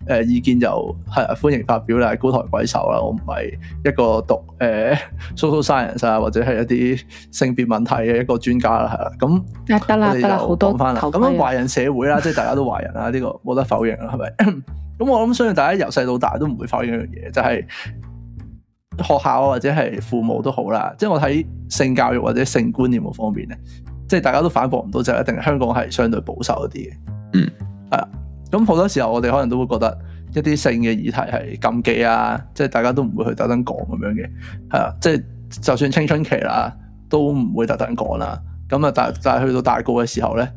誒意見就係歡迎發表啦，高抬貴手啦，我唔係一個讀誒、呃、social science 啊，或者係一啲性別問題嘅一個專家啦，係啦，咁得啦，了我哋又講翻啦，咁華人社會啦， 即係大家都華人啦，呢、這個冇得否認啦，係咪？咁 我諗，相信大家由細到大都唔會否認一樣嘢，就係、是、學校或者係父母都好啦，即係我睇性教育或者性觀念嗰方面咧，即係大家都反駁唔到，就係、是、一定香港係相對保守一啲嘅，嗯，係啦。咁好多時候，我哋可能都會覺得一啲性嘅議題係禁忌啊，即係大家都唔會去特登講咁樣嘅，係啊，即係就算青春期啦，都唔會特登講啦。咁啊，但但係去到大個嘅時候咧，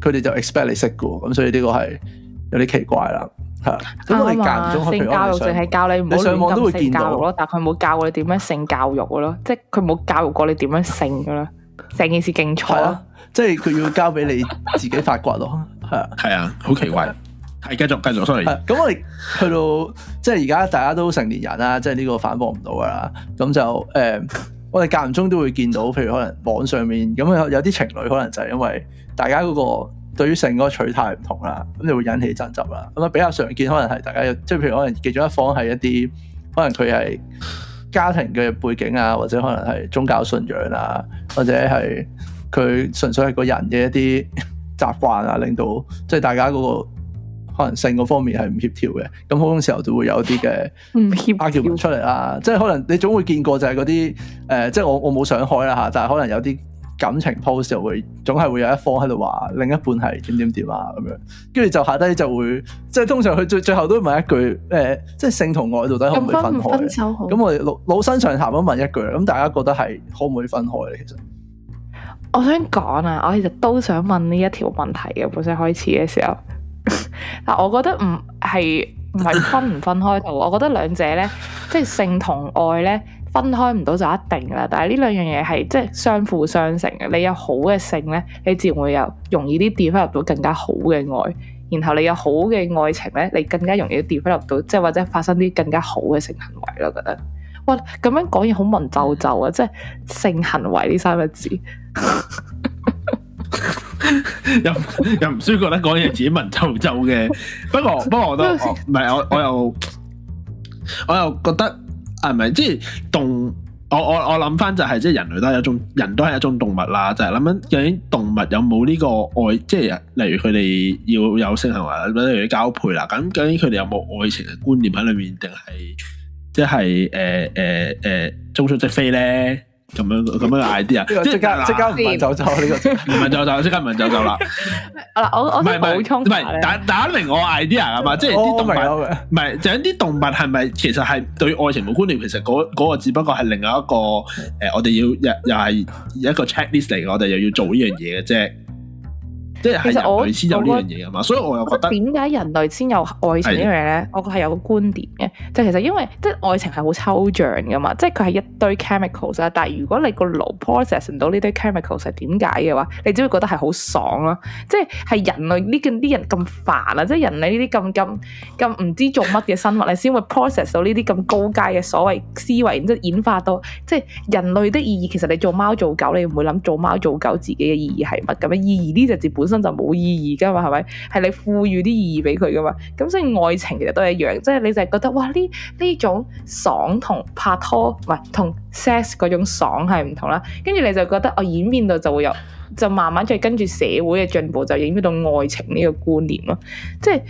佢哋就 expect 你識嘅喎，咁所以呢個係有啲奇怪啦，係啊。啱啊，性教育淨係教你唔好上亂性教育咯，但佢冇教過你點樣性教育嘅咯，即係佢冇教育過你點樣性嘅咯，成 件事勁錯。係咯，即係佢要交俾你自己發掘咯，係 啊，係 啊，好奇怪。係繼續繼續，所以咁我哋去到即係而家，大家都成年人啦，即係呢個反駁唔到噶啦。咁就誒、嗯，我哋間唔中都會見到，譬如可能網上面咁有啲情侶可能就係因為大家嗰個對於性個取態唔同啦，咁就會引起爭執啦。咁啊，比較常見可能係大家即係譬如可能其中一方係一啲可能佢係家庭嘅背景啊，或者可能係宗教信仰啊，或者係佢純粹係個人嘅一啲習慣啊，令到即係大家嗰、嗰個。可能性嗰方面係唔協調嘅，咁好多時候就會有啲嘅協調出嚟啦，即係可能你總會見過就係嗰啲誒，即係我我冇想開啦吓，但係可能有啲感情 post 時候會總係會有一方喺度話另一半係點點點啊咁樣，跟住就下低就會即係通常佢最最後都會問一句誒、呃，即係性同愛到底可唔可以分開？咁我哋老老生常談咁問一句，咁大家覺得係可唔可以分開咧？其實我想講啊，我其實都想問呢一條問題嘅，本身開始嘅時候。 但我覺得唔係唔係分唔分開到，我覺得兩者咧，即係性同愛咧分開唔到就一定啦。但係呢兩樣嘢係即係相輔相成嘅。你有好嘅性咧，你自然會有容易啲 develop 到更加好嘅愛。然後你有好嘅愛情咧，你更加容易啲 develop 到即係或者發生啲更加好嘅性行為咯。我覺得哇，咁樣講嘢好文縐縐啊！即係性行為呢三個字。 又不 又唔舒服咧，講嘢自己文縐縐嘅。不過不過， 不過我都唔係我我,我又我又覺得係咪、啊、即係動？我我我諗翻就係即係人類都係一種人都係一種動物啦，就係諗緊究竟動物有冇呢個愛？即係例如佢哋要有性行為啦，例如交配啦。咁究竟佢哋有冇愛情嘅觀念喺裏面？定係即係誒誒誒，中出即飛咧？呃呃咁樣咁樣 idea 即係即刻即刻唔問走走呢個，唔問走走，即刻唔問走走啦。嗱，我我想補充下咧，打打明我 idea 啊嘛，即係啲動物，唔係就係啲動物係咪其實係對愛情冇觀念？其實嗰嗰個只不過係另外一個誒，我哋要又又係一個 checklist 嚟，我哋又要做呢樣嘢嘅啫。即係其實人類先有呢樣嘢啊嘛，所以我又覺得點解人類先有愛情呢樣嘢咧？是的 我覺得係有個觀點嘅，就其實因為即係愛情係好抽象噶嘛，即係佢係一堆 chemicals 啊。但係如果你個腦 process 唔到呢堆 chemicals 係點解嘅話，你只會覺得係好爽咯。即係係人類呢啲人咁煩啊，即係人類呢啲咁咁咁唔知做乜嘅生物， 你先會 process 到呢啲咁高階嘅所謂思維，即係演化到即係人類的意義，其實你做貓做狗，你唔會諗做貓做狗自己嘅意義係乜咁樣？意義呢就自本身就冇意義噶嘛，係咪？係你賦予啲意義俾佢噶嘛，咁所以愛情其實都係一樣，即係你就係覺得哇，呢呢種爽同拍拖唔係同 sex 嗰種爽係唔同啦。跟住你就覺得，我演變到就會有，就慢慢再跟住社會嘅進步，就演變到愛情呢個觀念咯。即係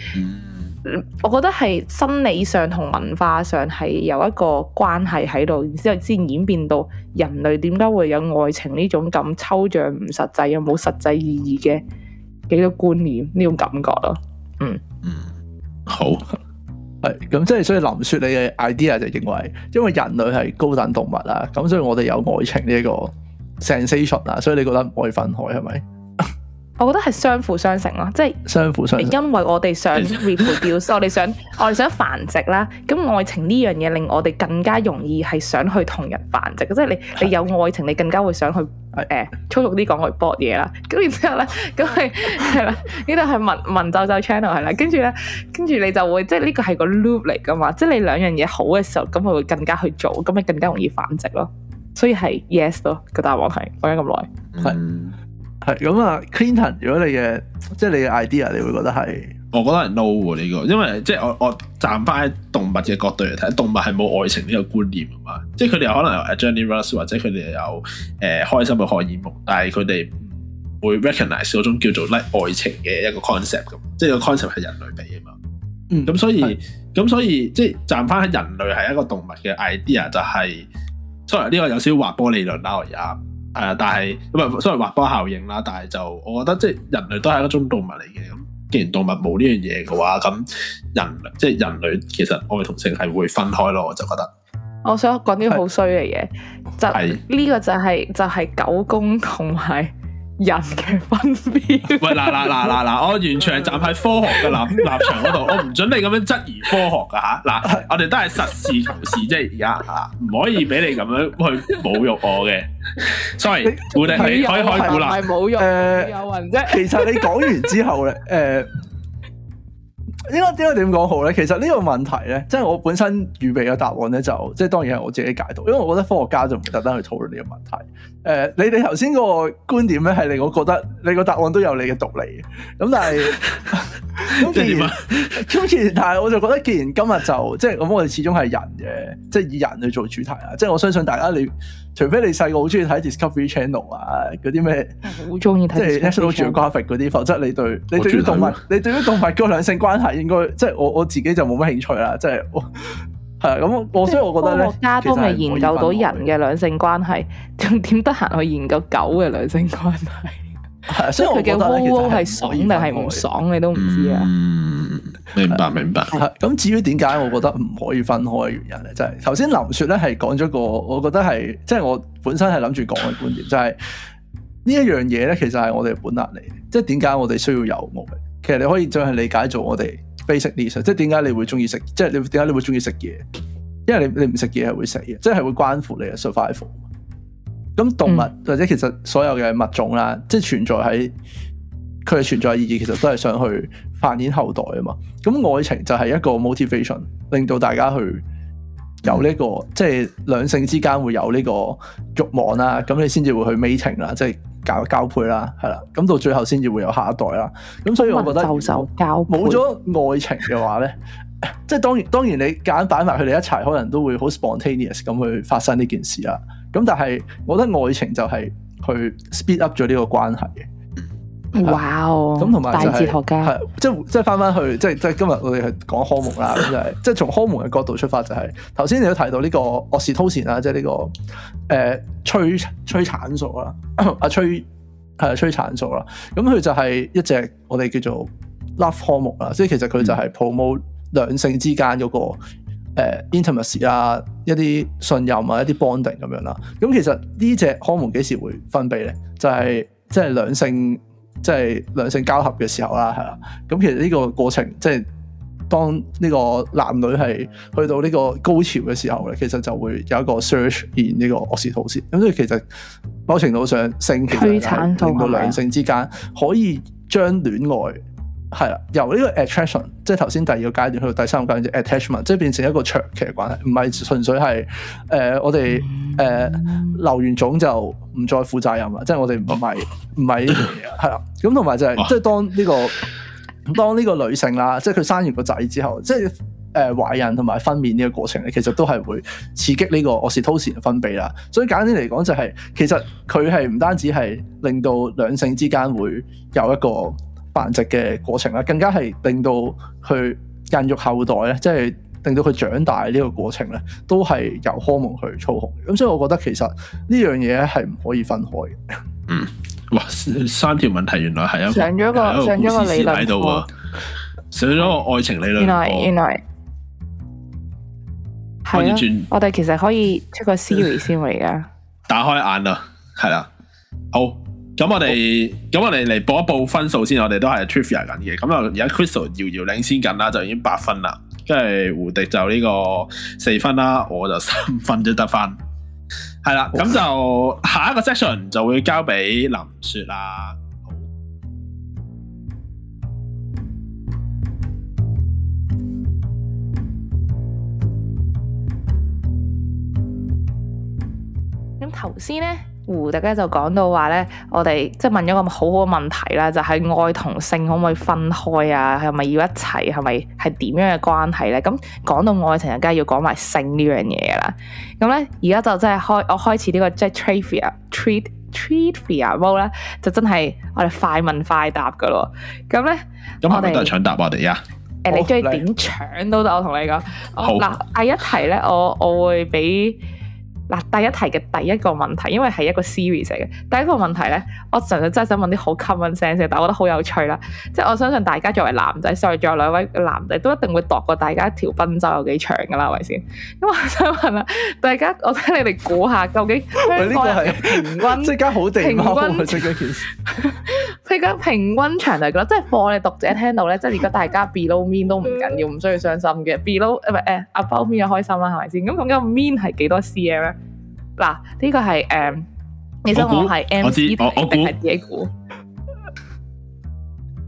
我覺得係心理上同文化上係有一個關係喺度，然之後先演變到人類點解會有愛情呢種咁抽象、唔實際又冇實際意義嘅。幾多觀念呢種感覺咯，啊？嗯嗯，好係咁， 即係所以林雪你嘅 idea 就認為，因為人類係高等動物啊，咁所以我哋有愛情呢一個 sensation 啊，所以你覺得唔可以分開係咪？是我覺得係相輔相成咯，即係相輔相成。因為我哋想 reproduce 我哋想我哋想繁殖啦。咁愛情呢樣嘢令我哋更加容易係想去同人繁殖。即係你你有愛情，你更加會想去誒粗俗啲講去博嘢啦。咁然之後咧，咁係係啦，呢度係文文晝晝 channel 係啦。跟住咧，跟住你就會即係呢個係個 loop 嚟噶嘛。即係你兩樣嘢好嘅時候，咁佢會更加去做，咁咪更加容易繁殖咯。所以係 yes 咯，個答案係講咗咁耐。係咁啊，Clinton，如果你嘅即係你嘅 idea，你會覺得係？我覺得係 no 喎呢、這個，因為即係我我站翻喺動物嘅角度嚟睇，動物係冇愛情呢個觀念啊嘛。即係佢哋可能有 Jenny Rose 或者佢哋有誒、呃、開心嘅荷爾蒙，但係佢哋唔會 recognize 嗰種叫做 love 愛情嘅一個 concept 咁，即係個 concept 係人類俾啊嘛。咁、嗯、所以咁的所以即係站翻喺人類係一個動物嘅 idea 就係 s 呢個有少少滑坡理論啦，我而家。誒，但係唔係，所謂滑坡效應啦，但係就我覺得即係、就是、人類都係一種動物嚟嘅。咁既然動物冇呢樣嘢嘅話，咁人類即係人類其實愛同性係會分開咯。我就覺得，我想講啲好衰嘅嘢，就呢個就係就係狗公同埋人嘅分別，喂嗱嗱嗱嗱嗱！我完全係站喺科學嘅立立場嗰度，我唔準備你咁樣質疑科學噶嚇嗱！我哋都係實事求是，即係而家嚇，唔可以俾你咁樣去侮辱我嘅。sorry，鼓勵你可以開鼓勵，誒有問啫。其實你講完之後咧，誒。應該應該點講好咧？其實呢個問題咧，即係我本身預備嘅答案咧，就即係當然係我自己解讀。因為我覺得科學家就唔會特登去討論呢個問題。誒、呃，你哋頭先嗰個觀點咧，係令我覺得你個答案都有你嘅道理嘅。咁但係，咁既然咁既然， 但係我就覺得既然今日就即係，咁我哋始終係人嘅，即係以人去做主題啊！即係我相信大家你。除非你細個好中意睇 Discovery Channel 啊，嗰啲咩好中意睇，即係 National Geographic 嗰啲，否則你對你對啲動物，動物 你對啲動物嗰個兩性關係應該，即係我我自己就冇乜興趣啦，即係我係啊，咁 我所以我覺得咧，國家都未研究到人嘅兩性關係，仲點得閒去研究狗嘅兩性關係？係，所以我覺得其實係爽定係唔爽，你都唔知啊。嗯，明白明白。咁至於點解我覺得唔可以分開嘅原因咧，就係頭先林雪咧係講咗個，我覺得係即係我本身係諗住講嘅觀點，就係呢一樣嘢咧，其實係我哋本能嚟嘅，即係點解我哋需要有我。其實你可以再去理解做我哋 basic nature，即係點解你會中意食，即係你點解你會中意食嘢，因為你你唔食嘢係會死嘅，即係會關乎你嘅 survival。咁動物或者其實所有嘅物種啦，嗯、即係存在喺佢嘅存在意義，其實都係想去繁衍後代啊嘛。咁愛情就係一個 motivation，令到大家去有呢、這個，嗯、即係兩性之間會有呢個欲望啦。咁你先至會去 n 情啦，即係搞交配啦，係啦。咁到最後先至會有下一代啦。咁所以我覺得冇咗愛情嘅話咧，就就 即係當然當然，你夾硬擺埋佢哋一齊，可能都會好 spontaneous 咁去發生呢件事啦。咁但係，我覺得愛情就係去 speed up 咗呢個關係嘅。哇哦 Wow,！咁同埋就係、是，大哲學家，係即係即係翻翻去，即係即係今日我哋係講科目啦，咁就係即係從科目嘅角度出發就係、是，頭先 你都提到呢、這個惡視、哦、濤錢啦，即係呢個誒催催產素啦，阿催係啊催產素啦，咁佢就係一隻我哋叫做 love 科目啦，即、就、係、是、其實佢就係 promote 兩性之間嗰、那個。嗯誒、uh, intimacy 啊，一啲信任啊，一啲 bonding 咁樣啦。咁其實呢隻荷爾蒙幾時會分泌咧？就係即係兩性，即係兩性交合嘅時候啦、啊，係啦。咁其實呢個過程，即、就、係、是、當呢個男女係去到呢個高潮嘅時候咧，其實就會有一個 search in 呢個 oxytocin。咁所以其實某程度上，性其實令到兩性之間可以將戀愛。.係啦，由呢個 attraction，即係頭先第二個階段，去到第三個階段 attachment，即係變成一個長期嘅關係，唔係純粹係誒、呃、我哋誒、呃、留完種就唔再負責任啊，即係我哋唔係唔係，係啦。咁同埋就係即係當呢、這個 當呢個女性啦，即係佢生完個仔之後，即係誒、呃、懷孕同埋分娩呢個過程咧，其實都係會刺激呢個 oxytocin 分泌啦。所以簡單啲嚟講，就係其實佢係唔單止係令到兩性之間會有一個。繁殖嘅過程啦，更加係令到佢孕育後代咧，即係令到佢長大呢個過程咧，都係由荷爾蒙去操控。咁所以，我覺得其實呢樣嘢係唔可以分開嘅。嗯，哇，三條問題原來係一個上咗個、個上咗個理論喺度，上咗個愛情理論。原來、哦、原來，係我哋其實可以出個 series 先嚟啊！打開眼啊，係啦，好。咁我哋，咁、oh。我哋嚟報一報分數先，我哋都係 trivia 緊嘅。咁啊，而家 Crystal 遙遙領先緊啦，就已經八分啦，跟住胡迪就呢個四分啦，我就三分都得翻。係啦，咁、oh。就下一個 session 就會交俾林雪啦好，咁頭先咧？大家就講到話咧，我哋即係問咗個好好嘅問題啦，就係、是、愛同性可唔可以分開啊？係咪要一齊？係咪係點樣嘅關係咧？咁講到愛情，梗係要講埋性呢樣嘢啦。咁咧，而家就真係開我開始呢、這個即係 Trivia, Trivia, Trivia mode 咧，就、是、Trivia, Trivia, Trivia mode，就真係我哋快問快答噶咯。咁咧，咁我哋都係搶答我哋呀？誒、哦，你中意點搶都得好、啊，我同你講。好嗱，第一題咧，我我會俾。嗱，第一題嘅第一個問題，因為係一個 series 嚟嘅第一個問題咧，我純粹真係想問啲好 common sense 嘅，但我覺得好有趣啦。即係我相信大家作為男仔，所仲有兩位男仔都一定會度過大家一條奔州有幾長噶啦，係咪先？咁我想問啦，大家我睇你哋估下究竟？唔係呢個係平均，即係加好定平均？平均，啊、 平均長度啦，即係 for 我哋讀者聽到咧，即係如果大家 below mean 都唔緊要，唔、嗯、需要傷心嘅 below 誒 above mean 就開心啦，係咪先？咁咁嘅 mean 係幾多 cm 咧？嗱，呢個係誒，其實我係 M 我定係自己估，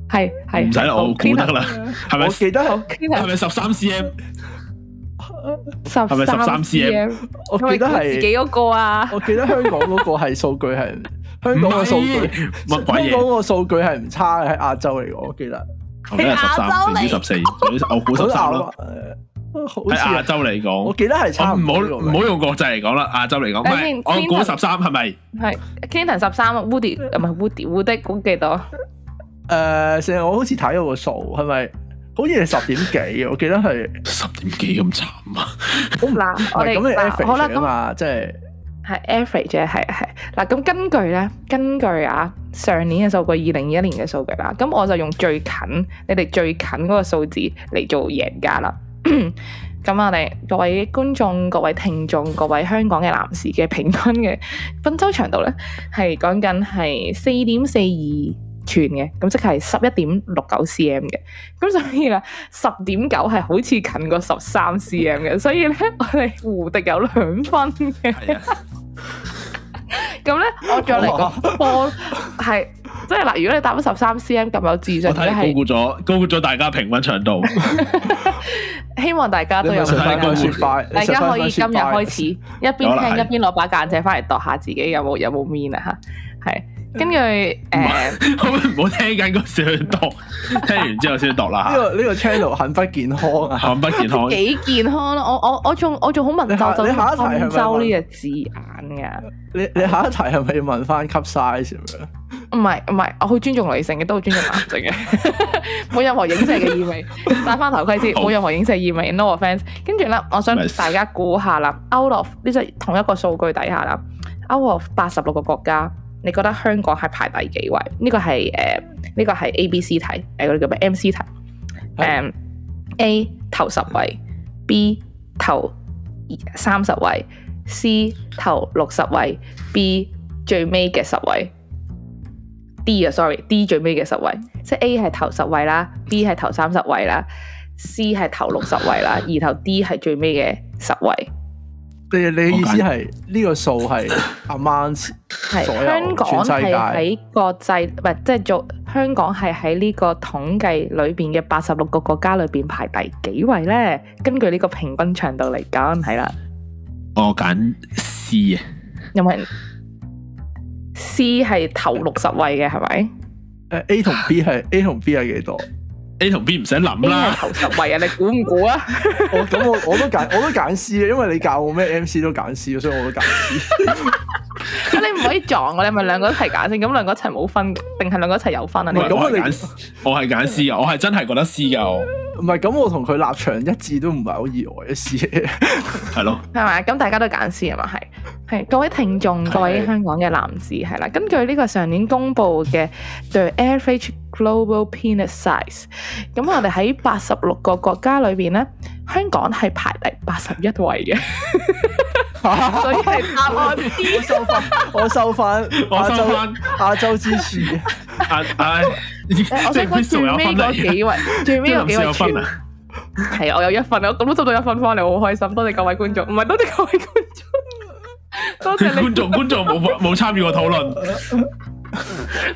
係係唔使啦，我估得啦，係咪我記得 m 係咪十三 C M？係咪十三 C M？我記得係幾多個啊？我記得香港嗰個係數據係香港嘅數據，乜鬼嘢？香港個數據係唔差嘅，喺亞洲嚟，我記得係十三，甚至十四，我估十三咯。好似亞洲嚟講，呃，我記得係唔、啊、好唔好用國際嚟講啦。亞洲嚟講，我估十三係咪係 Kinten 十三啊？Woody 唔係 Woody Woody 估幾多？誒，成日我好似睇到個數係咪？好似係十點幾啊？我記得係十點幾咁慘啊！嗱，我哋嗱好啦，咁啊，即係係 average 係啊係嗱。咁根據咧，根據啊上年嘅數據，二零二一年嘅數據啦。咁我就用最近你哋最近嗰個數字嚟做贏家啦。咁 我哋各位觀眾、各位聽眾、各位香港嘅男士嘅平均嘅分周長度呢，係講緊係四點四二吋嘅，咁即係十一點六九 cm 嘅，咁所以啦，十點九係好似近過十三 cm 嘅， 所以呢，我哋胡迪有兩分嘅。 咁咧，我再嚟講， 我係即係嗱，如果你打咗十三 cm 咁有智障，我睇下高估咗，是高估咗大家平均長度。 希望大家都有相關説，大家可以今日開始一邊聽 一邊攞把間尺翻嚟度下自己有冇有冇面啊！嚇，係。跟住，誒，可唔好聽緊嗰時去讀？聽完之後先去讀啦。呢個呢個 channel 很不健康，很不健康。幾健康啦？我我我仲我仲好文縐縐，文縐呢個字眼嘅。你你下一題係咪要問翻 cup size 咁樣？唔係唔係，我好尊重女性嘅，都好尊重男性嘅，冇任何影射嘅意味。戴翻頭盔先，冇任何影射意味。No offence。跟住咧，我想大家估下啦，Out of 呢只同一個數據底下啦，Out of 八十六個國家。你覺得香港係排第幾位？呢、這個係誒，呢、呃這個係 A,、呃 um, 哎 A、B、C 題，誒嗰啲叫咩？M、C 題，誒 A 頭十位，B 頭三十位，C 頭六十位，B 最尾嘅十位，D 啊，sorry，D 最尾嘅十位，即係 A 係頭十位啦，B 係頭三十位啦，C 係頭六十位啦， 然後 D 係最尾嘅十位。你你意思係呢選個數係 amount？係香港係喺國際唔係即係做香港係喺呢個統計裏邊嘅八十六個國家裏邊排第幾位咧？根據呢個平均長度嚟講，係啦，我揀 C 啊，因為 C 係頭六十位嘅係咪？誒 A 同 B 係 A 同 B 係幾多？A 同 B 唔使諗啦，頭位啊，你估唔估啊？我咁我我都揀我都揀 C 啊，因為你教我咩 MC 都揀 C 所以我都揀 C。你唔可以撞我，你咪兩個一齊揀先，咁兩個一齊冇分，定係兩個一齊有分啊？唔係咁，我揀我係揀 C 㗎，我係真係覺得 C 㗎，唔係咁我同佢立場一致都唔係好意外嘅 C 係咯，係咪？咁大家都揀 C 啊嘛，係係各位聽眾，各位香港嘅男士係啦，根據呢個上年公布嘅對 a i r Global penis size，咁我哋喺八十六個國家裏邊咧，香港係排第八十一位嘅，所以係亞亞啲。我收翻，我收翻，我收翻亞洲之巔。亞亞，我最尾仲有分咧，幾位最尾幾位傳啊？係啊，我有一份啊，我咁都收到一份翻嚟，我好開心。多謝各位觀眾，唔係多謝各位觀眾，多謝觀眾觀眾冇冇參與過討論。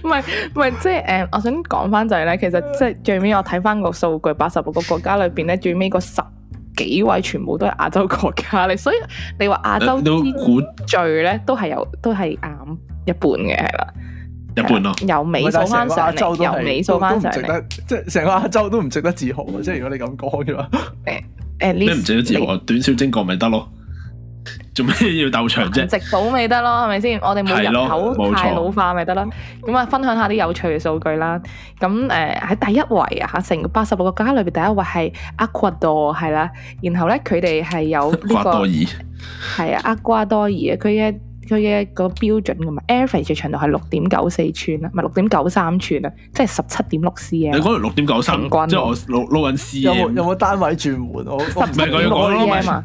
唔係唔係，即係誒、嗯，我想講翻就係咧，其實即係最尾我睇翻個數據，八十五個國家裏邊咧，最尾個十幾位全部都係亞洲國家咧，所以你話亞洲管最咧，都係有都係啱一半嘅係啦，嗯、一半咯、啊，由尾數翻上嚟，由尾數翻上嚟，都，唔值得，嗯、即係成個亞洲都唔值得自豪啊！即係如果你咁講嘅話，誒誒，你唔值得自豪，短小精幹咪得咯。做咩要鬥長啫？唔值到咪得咯，係咪先？我哋冇人口太老化咪得咯。咁啊，分享下啲有趣嘅數據啦。咁誒喺第一位啊，嚇成八十六個國家裏邊第一位係厄瓜多爾，係啦。然後咧佢哋係有呢、呢個係啊厄瓜多爾，佢嘅。佢嘅個標準㗎嘛，average 嘅長度係六點九四寸啦，唔係六點九三寸啊，即係十七點六 cm。你講嚟六點九三平均即係我攞攞人試有冇有，有，有單位轉換？我唔係講六 cm，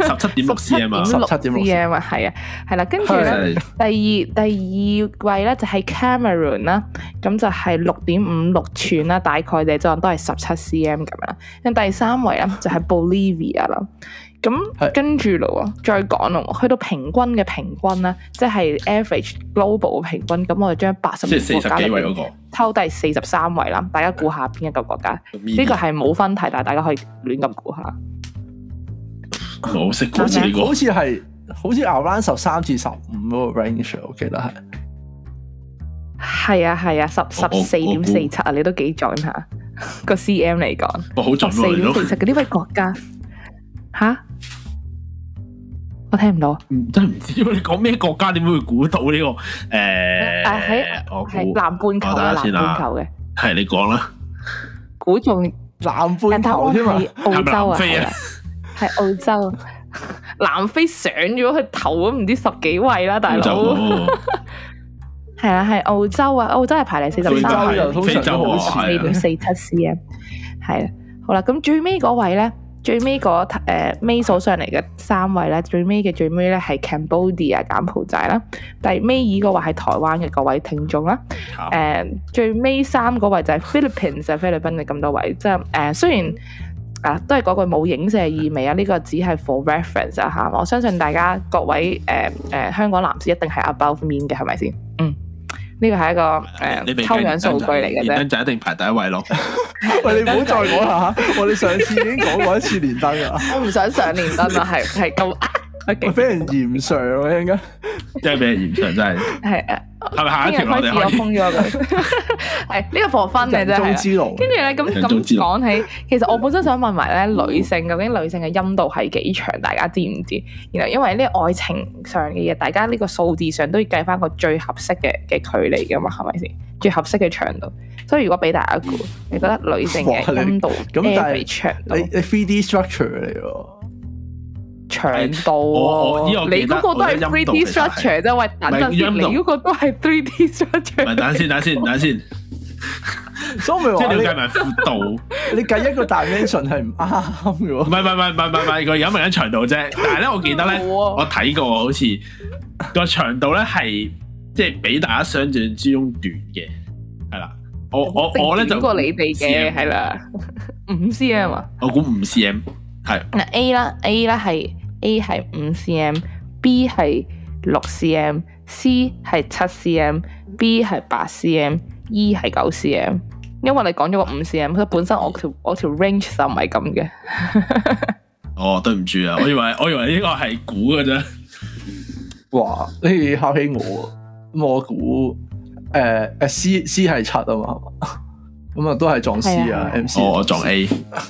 十七點六 cm，十七點六 cm 啊，係啊，係啦、啊啊。跟住咧，是的 第二是的 第二位咧就係、是、Cameroon 啦，咁就係六點五六寸啦，大概嚟講都係十七 cm 咁啦。咁第三位咧就係、是、Bolivia 啦。 咁跟住咯，再講咯，去到平均嘅平均啦，即係 average global 嘅平均，咁我哋將八十四十幾位嗰個，抽第四十三位啦，大家估下邊一個國家？呢個係冇分題，但係大家可以亂咁估下。我識過，好似係好似 around 十三至十五個，range 我記得係。係啊，係啊，十十四點四七啊，你都幾準下個 CM 嚟講，十四點四七呢位國家。吓，我聽唔到。真係唔知你講咩國家，點會估到呢個？誒，係我係南半球啊，南半球嘅。係你講啦，估中南半球係澳洲啊，係澳洲，南非上咗去頭都唔知十幾位啦，大佬。係啊，係澳洲啊，澳洲係排第四十三，非洲通常係四七四啊，係啦。好啦，咁最尾嗰位咧。最尾嗰，尾數上嚟嘅三位咧，最尾嘅最尾咧係 Cambodia 柬埔寨啦，但尾二嗰位係台灣嘅各位聽眾啦，誒好、呃、最尾三嗰位就係 Philippines 菲律賓嘅咁多位，即係誒雖然啊都係嗰句冇影射意味啊，呢個，這個只係 for reference 啊嚇，我相信大家各位誒誒、呃呃、香港男士一定係 above mean 嘅係咪先？是嗯。呢個係一個誒抽樣數據嚟嘅啫，就一定排第一位咯。喂，你唔好再講啦，我哋上次已經講過一次連登啦。我唔想上連登啊，係係咁啊，俾人嫌上喎，應該真係俾人嫌上真係。係啊。係咪下一條我哋又封咗佢 哎？係、這個、呢個 for fun 嘅啫，跟住咧咁咁講起，其實我本身想問埋咧女性究竟女性嘅陰道係幾長，大家知唔知？然後因為呢愛情上嘅嘢，大家呢個數字上都要計返個最合適嘅嘅距離㗎嘛，係咪先最合適嘅長度？所以如果俾大家估，嗯、你覺得女性嘅陰道幾長？你長你 Three D Structure 嚟㗎？長度，你嗰個都係 three D structure 啫喂，等陣先，你嗰個都係 three D structure。等先，等下先，等先。所以咪話你計埋闊度，你計一個 dimension 係唔啱嘅。唔係唔係唔係唔係唔係，佢有咪講長度啫？但係咧，我記得咧，我睇過好似個長度咧係即係比大家想象之中短嘅。係啦，我我我咧就過你哋嘅係啦，五 cm 係嘛？我估五 cm 係。嗱 A 啦 A 啦係。A 係五 cm，B 係六 cm，C 係七 cm，B 係八 cm，E 係九 cm。因為你講咗個五 cm，所以本身我條我條 range 就唔係咁嘅。 哦，對唔住啊，我以為我以為呢個係估嘅啫。 哇，你考起我，咁我估誒誒，C C 係七啊嘛，咁 啊都係撞 C 啊，M C。啊、MC 哦，我撞 A，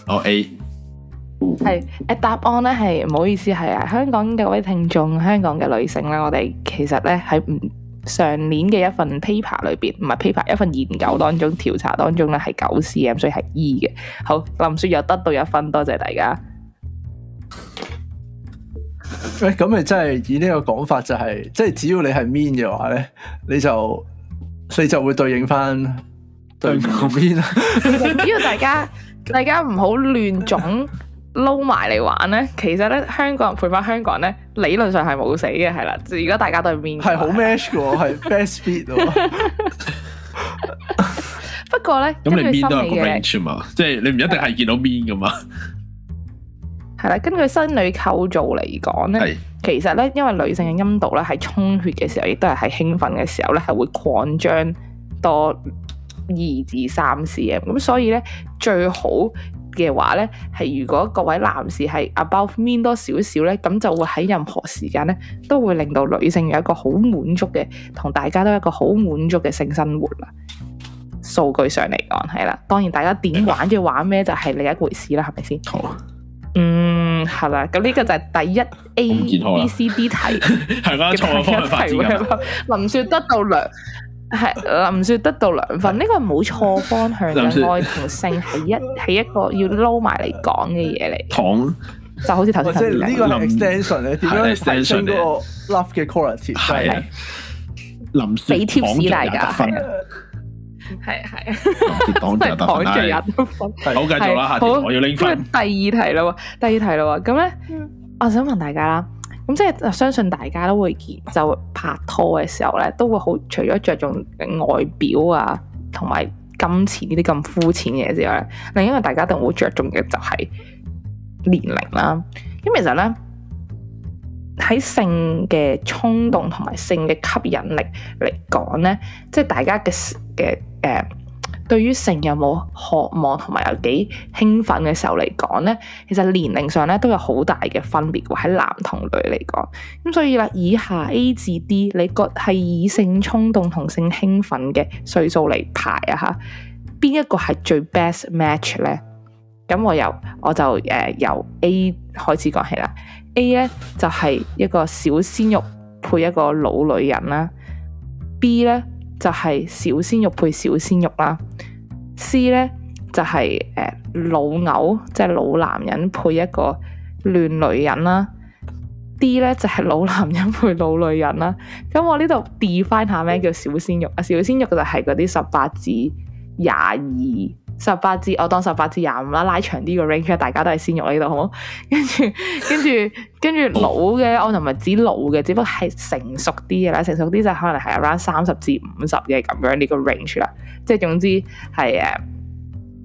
哦 oh, A。係誒，答案咧係唔好意思，係啊，香港嘅各位聽眾，香港嘅女性啦，我哋其實咧喺上年嘅一份 paper 裏邊，唔係 paper 是一份研究當中調查當中咧係九 CM，所以係 E 嘅。好，林雪又得到一分。多謝大家。喂，咁咪真係以呢個講法就係、是，即係只要你係 mean 嘅話咧，你就所以就會對應翻對面。啊。只要大家 大家唔好亂種。 撈埋嚟玩咧，其實咧香港人陪翻香港人咧，理論上係冇死嘅，係啦。如果大家都係 mean、啊，係好 match 嘅喎，係 best fit 喎。不過咧，咁你 mean 都有個 range 啊嘛，的即係你唔一定係見到 mean 噶嘛。係啦，根據生理構造嚟講咧，的其實咧因為女性嘅陰道咧喺充血嘅時候，亦都係喺興奮嘅時候咧，係會擴張多二至三 cm。咁所以咧，最好，嘅話咧，係如果各位男士係 above mean 多少少咧，咁就會喺任何時間咧，都會令到女性有一個好滿足嘅，同大家都有一個好滿足嘅性生活啦。數據上嚟講係啦，當然大家點玩嘅玩咩就係另一回事啦，係咪先？好嗯，係啦，咁呢個就係第一 A B C D 題，係咪？錯咗方向啦，林雪得到糧。係林雪得到兩分，呢個冇錯方向嘅，愛同性係一係一個要撈埋嚟講嘅嘢嚟。糖就好似頭先，即係呢個 extension 咧，點樣提升嗰個 love 嘅 quality？係林雪講貼士大家。係係啊，講住講住一分。好繼續啦，下我要拎分。第二題啦，第二題啦，咁咧，我想問大家啦。咁即係相信大家都會見就拍拖嘅時候咧，都會好除咗着重外表啊，同埋金錢呢啲咁膚淺嘅嘢之外，另外大家一定會着重嘅就係年齡啦。咁其實咧，喺性嘅衝動同埋性嘅吸引力嚟講咧，即係大家嘅嘅誒。對於性有冇渴望同埋有幾興奮嘅時候嚟講呢，其實年齡上咧都有好大嘅分別喎。喺男同女嚟講，咁所以啦，以下 A 至 D，你覺得係以性衝動同性興奮嘅歲數嚟排啊嚇，邊一個係最 best match 呢？咁我由我就誒、呃、由 A 開始講起啦。A 呢就係、係、一個小鮮肉配一個老女人啦。B 呢。就係小鮮肉配小鮮肉啦，C 呢就係、是、誒、呃、老牛即係、就是、老男人配一個嫩女人啦，D 呢就係、是、老男人配老女人啦。咁我呢度 define 下咩叫小鮮肉啊？小鮮肉就係嗰啲十八至廿二,十八至我當十八至廿五啦，25，拉長啲個 range，大家都係先用呢度好，跟住跟住跟住老嘅，我就唔係指老嘅，只不過係成熟啲嘅啦，成熟啲就可能係 around 三十至五十嘅咁樣呢個 range 啦，即係總之係誒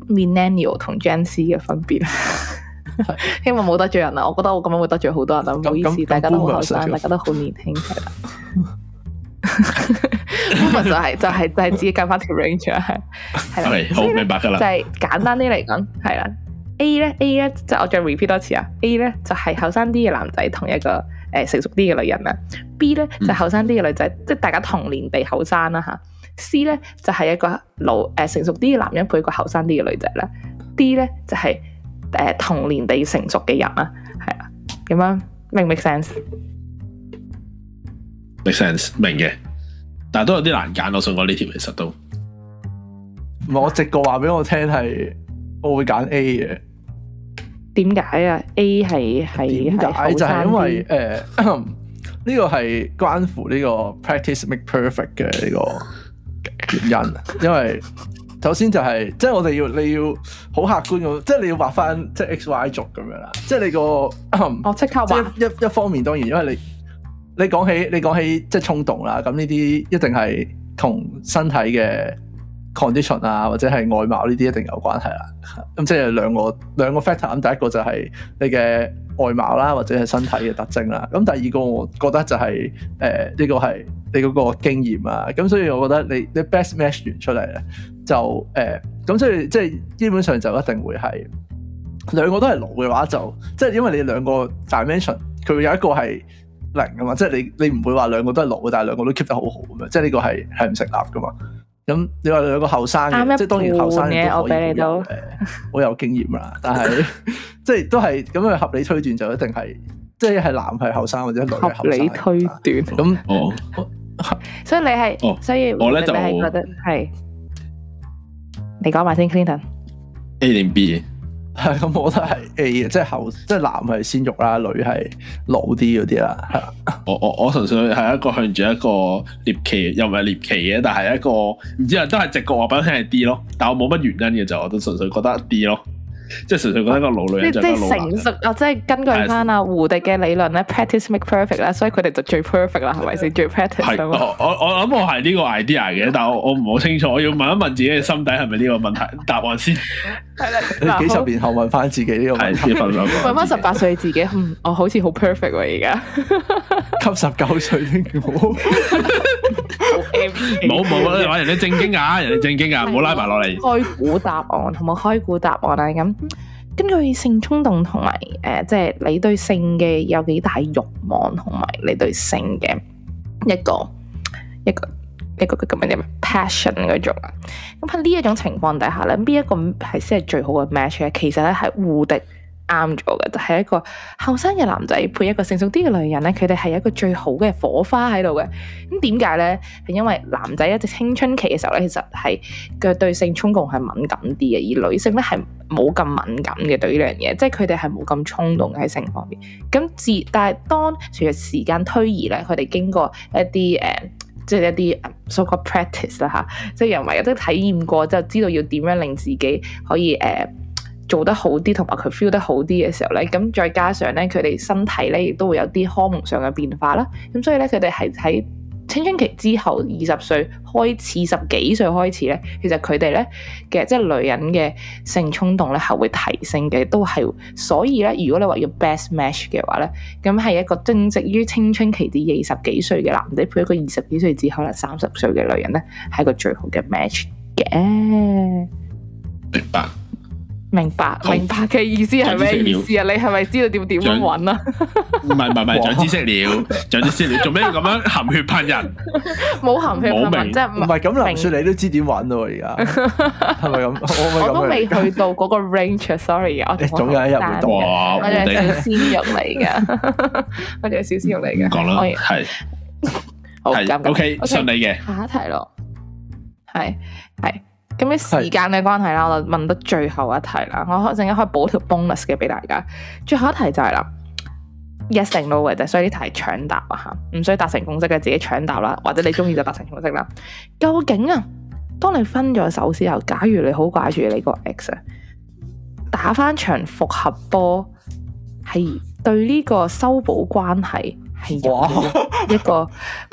，Millennial 同 Gen Z 嘅分別，的希望冇得罪人啊！我覺得我咁樣會得罪好多人啊，唔好意思，大家都好開心，大家都好年輕嘅。 就係、是、就係、是、就係、是、自己跟翻條 range 啊係係啦，okay, 好明白噶啦。就係簡單啲嚟講，係啦 A 咧 A 咧，即係我再 repeat 多次啊 A 咧就係、是、後生啲嘅男仔同一個誒、呃、成熟啲嘅女人啊 B 咧就後、是、生啲嘅女仔，嗯、即係大家同年地後生啦吓。C 咧就係、是、一個老誒、呃、成熟啲嘅男人配一個後生啲嘅女仔啦。D 咧就係誒同年地成熟嘅人啦，係啊，咁樣明唔明 sense？make sense 明嘅。但係都有啲難揀，我信我呢條其實都唔係，我直覺話俾我聽係，我會揀 A 嘅。點解啊？A 係係點解？就係因為誒，呢個係關乎呢個 practice make perfect 嘅呢個原因。因為首先就係、是，即係我哋要你要好客觀咁，即係你要畫翻即係 X Y 軸咁樣啦。即係你個哦，即刻畫一一方面，當然因為你。你講起，你講起即係衝動啦，咁呢啲一定係同身體嘅 condition 啊，或者係外貌呢啲一定有關係啦。咁即係兩個兩個 factor。咁第一個就係你嘅外貌啦，或者係身體嘅特徵啦。咁第二個我覺得就係誒呢個係你嗰個經驗啊。咁所以我覺得你你 best match 完出嚟咧，就誒咁、呃、所以即係即係基本上就一定會係兩個都係老嘅話就，就即係因為你兩個 dimension，佢會有一個係零噶嘛，即係你你唔會話兩個都係老嘅，但係兩個都 keep 得好好咁樣，即係呢個係係唔成立噶嘛。咁你話兩個後生即係當然後生嘅，可以誒，我好有經驗啦。但係即係都係咁樣合理推斷就一定係，即係係男係後生或者女係後生合理推斷咁，哦， 所以你係，哦，所以就係覺得係，你講埋先，Clinton A 定 B。係咁，我覺得係 A 嘅，即係後，即係男係鮮肉啦，女係老啲嗰啲啦。我我我純粹係一個向住一個獵奇，又唔係獵奇嘅，但係一個唔知啊，都係直覺話俾你聽係 D 咯。但係我冇乜原因嘅就，我都純粹覺得 D 咯。即係純粹覺得個老女係即係成熟哦！即係根據翻阿胡迪嘅理論咧 ，practice make perfect 啦，所以佢哋就最 perfect 啦，係咪先最 practice？係我我諗我係呢個 idea 嘅， 但係我我唔好清楚，我要問一問自己嘅心底係咪呢個問題答案先。係啦， 幾十年後問翻自己呢個，問翻十八歲自己，我好似好 perfect 而家，吸十九歲先好。 冇冇，你話 人哋正經噶、啊，人哋正經噶、啊，唔好 拉埋落嚟。開估答案同埋開估答案啦，咁根據性衝動同埋誒，即、呃、係、就是、你對性嘅有幾大慾望，同埋你對性嘅一個一個一個咁嘅 passion 嗰種啦。咁喺呢一種情況底下咧，邊一個係先係最好嘅 match 咧？其實咧係互的。啱咗嘅，就係、是、一個後生嘅男仔配一個成熟啲嘅女人咧，佢哋係有一個最好嘅火花喺度嘅。咁點解咧？係因為男仔一直青春期嘅時候咧，其實係對性衝動係敏感啲嘅，而女性咧係冇咁敏感嘅對呢樣嘢，即係佢哋係冇咁衝動喺性方面。咁自但係當隨著時間推移咧，佢哋經過一啲即係一啲所謂 practice 啦、啊、吓，即係認為有啲體驗過之後，知道要點樣令自己可以、uh, 做得好啲，同埋佢 feel 得好啲嘅時候呢，咁再加上呢，佢哋身體呢亦都會有啲荷蒙上嘅變化啦。咁所以呢，佢哋係喺青春期之後二十歲開始，十幾歲開始呢，其實佢哋呢嘅即係女人嘅性衝動呢，係會提升嘅，都係所以呢，如果你話要 best match 嘅話呢，咁係一個正值於青春期至二十幾歲嘅男仔配一個二十幾歲至可能三十歲嘅女人呢，係一個最好嘅 match 嘅。明白。明白，明白嘅意思係咩意思啊？你係咪知道點點樣搵啊？唔係唔係唔係，長知識了，長知識了，做咩要咁樣含血噴人？冇含血噴人，即係唔係咁。林雪，你都知點搵咯？而家係咪咁？我都未去到嗰個 range，sorry 啊。仲有一日會到，我哋係小鮮肉嚟噶，我哋係小鮮肉嚟噶。講啦，係係 OK，信你嘅。下一題咯，係係。咁啲時間嘅關係啦，我就問得最後一題啦。我陣間可以補條 bonus 嘅俾大家。最後一題就係、是、啦，yes 定 no 嘅，所以呢題搶答啊，唔需要達成共識嘅自己搶答啦，或者你中意就達成共識啦。 究竟啊，當你分咗手之後，假如你好掛住你個 ex 打翻場復合波，係對呢個修補關係？係一個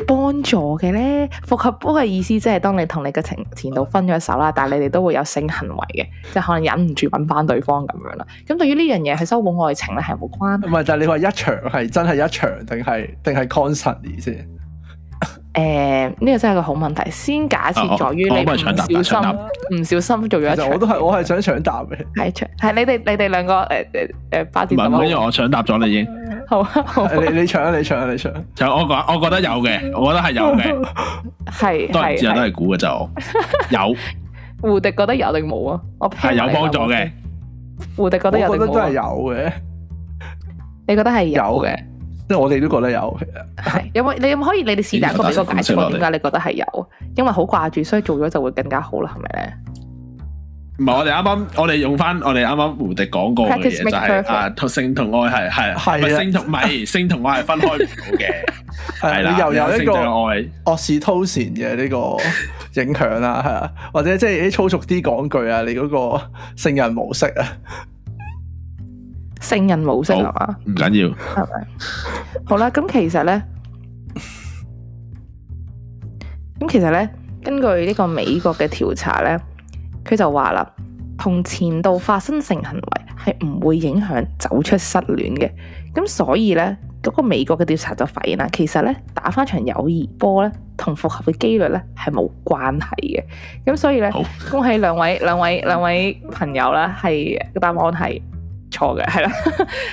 幫助嘅咧，複合 波嘅意思，即係當你同你嘅前度分咗手啦，但你哋都會有性行為嘅，即係可能忍唔住揾翻對方咁樣啦。咁對於呢樣嘢係修補愛情咧，係冇關。唔係，但你話一場係真係一場定係定係 consent 誒，呢個真係個好問題。先假設在於你唔小心，唔小心做咗。其實我都係，我係想搶答嘅。係搶，係你哋，你哋兩個誒誒誒，八點唔係，因為我搶答咗你已經。好啊，你你搶啊，你搶啊，你搶。搶我講，我覺得有嘅，我覺得係有嘅，係多人之後都係估嘅就，有。胡迪覺得有定冇啊？我係有幫助嘅。胡迪覺得有定冇啊？我覺得都係有嘅。你覺得係有嘅？即係我哋都覺得有，係、嗯、 有冇你有冇可以你哋試下一個的解釋點解你覺得係有？因為好掛住，所以做咗就會更加好啦，係咪咧？唔係我哋啱啱我哋用翻我哋啱啱胡迪講過嘅嘢、啊，就係啊性同愛係係係性同唔係性同愛係分開唔到嘅，係啦又有一個惡事偷禪嘅呢個影響啦、啊，係 啊或者即係啲粗俗啲講句啊，你嗰個聖人模式啊。聖人模式啊嘛，唔緊、oh, 吧要，係咪？好啦，咁其實咧，咁 其實咧，根據呢個美國嘅調查咧，佢就話啦，同前度發生性行為係唔會影響走出失戀嘅。咁所以咧，嗰、那個美國嘅調查就發現啦，其實咧打返場友誼波咧，同復合嘅機率咧係冇關係嘅。咁所以咧，好恭喜兩位、兩位、兩位朋友咧，係個答案係。錯嘅係啦，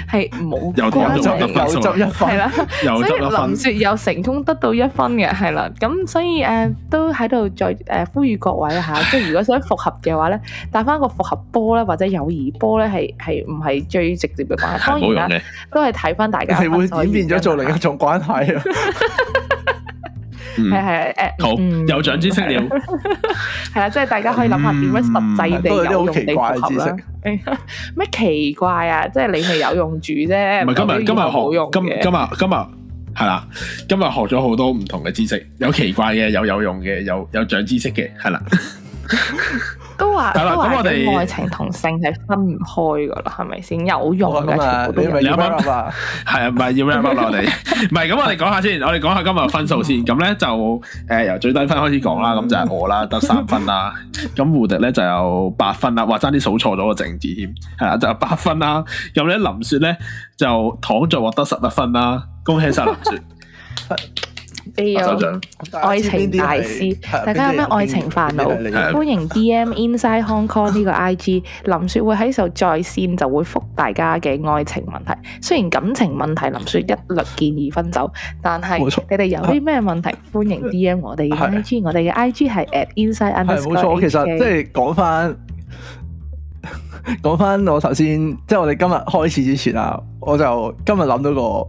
係冇關係，有得一分係啦，所以林雪有成功得到一分嘅係啦，咁所以誒、呃、都喺度再誒、呃、呼籲各位吓，即係 如果想復合嘅話咧，帶翻個復合波啦，或者友誼波咧，係係唔係最直接嘅關係，當然啦，用都係睇翻大家係會演變咗做另一種關係啊。 係係誒，好、嗯、有長知識了。係啦，即係大家可以諗下點樣實際地有用啲好奇怪嘅知識，欸。咩奇怪啊？即係你係有用住啫。唔係是今日天今日學，今今日今日係啦。今日學咗好多唔同嘅知識，有奇怪嘅，有有用嘅，有有長知識嘅，係啦。 都話，咁我哋愛情同性係分唔開噶啦，係咪先有用嘅？嘛，全部都兩百，係啊， 唔係要兩百落嚟？唔係， 咁我哋講下先說說， 我哋講下今日分數先。咁咧 就誒、呃、由最低分開始講啦。咁就係我啦，得三分啦。咁 胡迪咧就有八分啦。話差啲數錯咗個正字添，係啊，就八、是、分啦。咁咧林雪咧就躺着獲得十一分啦。恭喜晒林雪！ 未有愛情大師，大家，大家有咩愛情煩惱？歡迎 D M Inside Hong Kong 呢個 I G， 林雪會喺時候再線就會回覆大家嘅愛情問題。雖然感情問題林雪一律建議分手，但係你哋有啲咩問題冇錯，歡迎 D M 我哋嘅 I G，我哋嘅 I G 係 at Inside HK。係冇錯，其實即係講翻講翻，我頭先即係我哋今日開始之前啊，我就今日諗到個。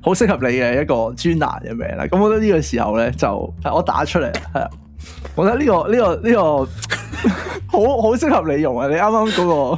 好適合你嘅一個專欄嘅名啦，咁我覺得呢個時候咧就，我打出嚟，係，我覺得呢個呢個呢個 好好適合你用啊！你啱啱嗰個，好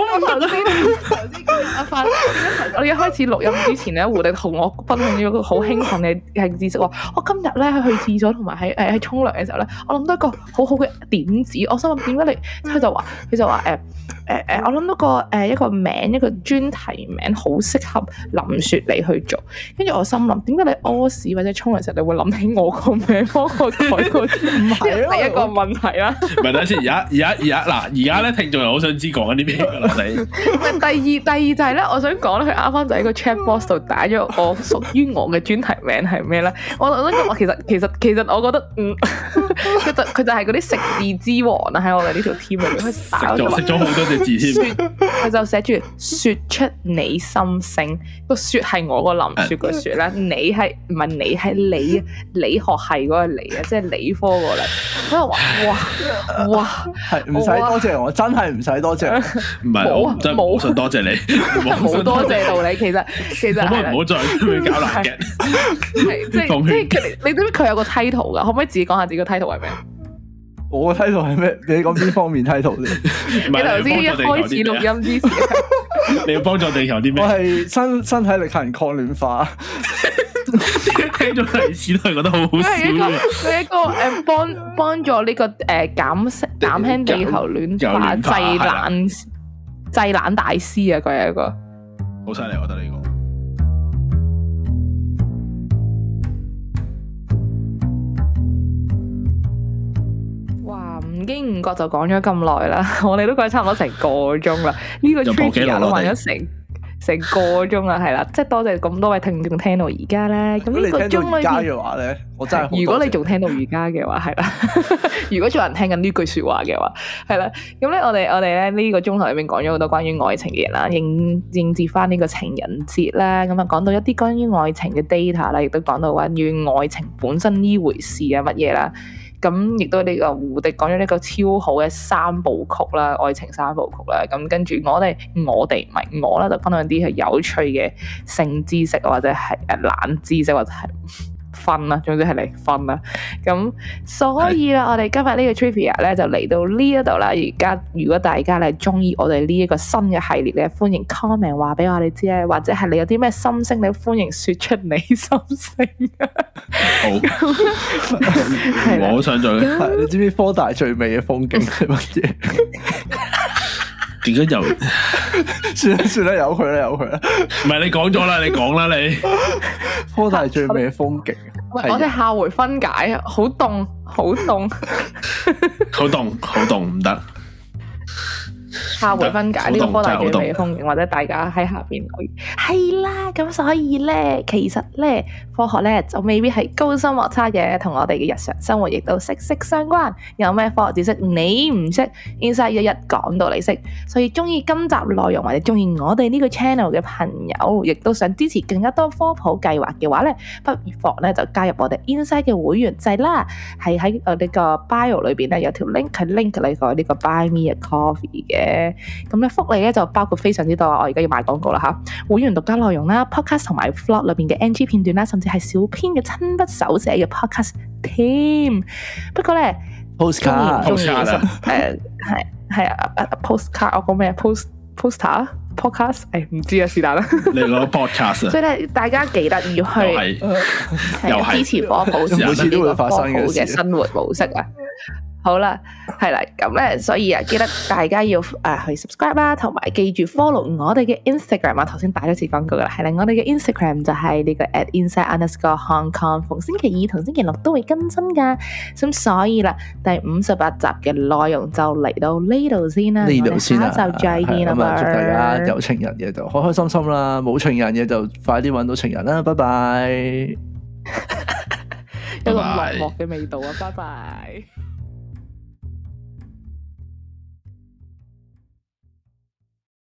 唔好啊？阿凡，我、 啊、一開始錄音之前咧，胡迪同我分享咗個好興奮嘅係知識，我今日咧去廁所同埋喺誒喺沖涼嘅時候咧，我諗到一個好好嘅點子。我心諗點解你，佢就話，佢就話誒誒誒，我諗到個誒、呃、一個名一個專題名，好適合林雪你去做。跟住我心諗，點解你屙屎或者沖涼時候，你會諗起我個名，幫我改個？唔係第一個問題啦。唔係、 啊、 等下先，而家而家而家嗱，而家咧聽眾又好想知講緊啲咩啦？你 第二。第二第二就係、是、咧，我想講咧，佢啱啱就喺個 chat box 度打咗我屬於我嘅專題名係咩咧？我我想我其實其實其實我覺得嗯，佢 就佢就係嗰啲食字之王啊！喺我哋呢條貼入面，佢食咗好多隻字添。佢 就寫住說出你心聲，那個說係我個林雪說個說咧，你係唔係你係理，理學系嗰個理啊？即係理科嗰類。佢話哇哇，係唔使多謝我，我說我真係唔使多謝。唔係好，真係我想多謝你。真係好多謝道理，其實其實可唔可以唔好再搞難嘅？即係即係佢，你知唔知佢有個 title 噶可唔可以自己講下自己個 title 係咩？我個 title 係咩？你講邊方面 title 先？你頭先一開始錄音之前，你要幫助地球啲咩？我係身身體力行抗暖化。聽咗第一次都係覺得好好笑。佢一個誒幫幫助呢個誒減減輕地球暖化，製冷。製冷大師啊，佢係一個好犀利，我覺得呢個。哇，唔經唔覺就講咗咁耐啦，我哋都講咗差唔多成個鐘啦，呢個 trivia 玩咗成。成個鐘啦，係啦，即係多謝咁多位聽眾聽到而家咧。咁呢個鐘裏如果你仲聽到而家嘅話咧，我真係如果你仲聽到而家嘅話，係啦。 如果仲有人聽緊呢句說話嘅話，係啦。咁咧，我哋我哋咧呢個鐘頭裏面講咗好多關於愛情嘅嘢啦，應應接翻呢個情人節啦。咁啊，講到一啲關於愛情嘅 data 啦，亦都講到關於愛情本身呢回事啊，乜嘢啦。咁亦都呢個胡迪講咗呢個超好嘅三部曲啦，愛情三部曲啦。咁跟住我哋，我哋唔係我啦，就分享啲係有趣嘅性知識或者係誒冷知識或者係。分啦、啊，總之係嚟分啦。咁、啊、所以啦，我哋今日呢個 Trivia 咧，就嚟到呢一度啦。而家如果大家咧，中意我哋呢一個新嘅系列嘅，歡迎 comment 話俾我哋知咧，或者係你有啲咩心聲，你歡迎說出你心聲。好，我好想做，你知唔知科大最美嘅風景係乜嘢？ 點解又，算啦算啦，由佢啦，由佢啦。唔係你講咗啦，你講啦你， 你。科大最咩風景。 我哋下回分解。好凍，好凍。好 凍，好凍，唔得。下回分解呢個科大絕美嘅風景，或者大家喺下面留言係啦。咁動所以咧，其實咧，科學咧就未必係高深莫測嘅，同我哋嘅日常生活亦都息息相關。有咩科學知識你唔識？Insight 日日講到你識。所以中意今集內容或者中意我哋呢個 channel 嘅朋友，亦都想支持更加多科普計劃嘅話咧，不妨咧就加入我哋 Insight 嘅會員制啦。係喺我呢個 bio 裏面咧有條 link link 嚟個呢個 Buy Me A Coffee 嘅。誒，咁咧福利咧就包括非常之多。我而家要賣廣告啦吓，會員獨家內容啦，podcast 同埋 vlog 裏邊嘅 NG 片段啦，甚至係小編嘅親筆手寫嘅 podcast team。不過咧，postcard，postcard，誒，係係啊，postcard，我講咩 post poster，podcast，誒，唔、哎、知啊，是但啦， 你攞 podcast。所以咧， 大家記得要去，又係支持科普，每次都呢個科普嘅生活模式啊！ 好啦，係啦，咁咧，所以啊，記得大家要誒、呃、去 subscribe 啦、啊，同埋記住 follow 我哋嘅 Instagram 啊，頭先打咗一次廣告噶啦，係啦，我哋嘅 Instagram 就係呢、這個 at inside underscore Hong Kong，逢星期二同星期六都會更新噶，咁所以啦，第五十八集嘅內容就嚟到呢度先啦、啊，呢度先啦、啊，就再見啦，祝大家有情人嘅就開開心心啦，冇情人嘅就快啲搵到情人啦，拜拜，一個落寞嘅味道啊， 拜拜。拜拜。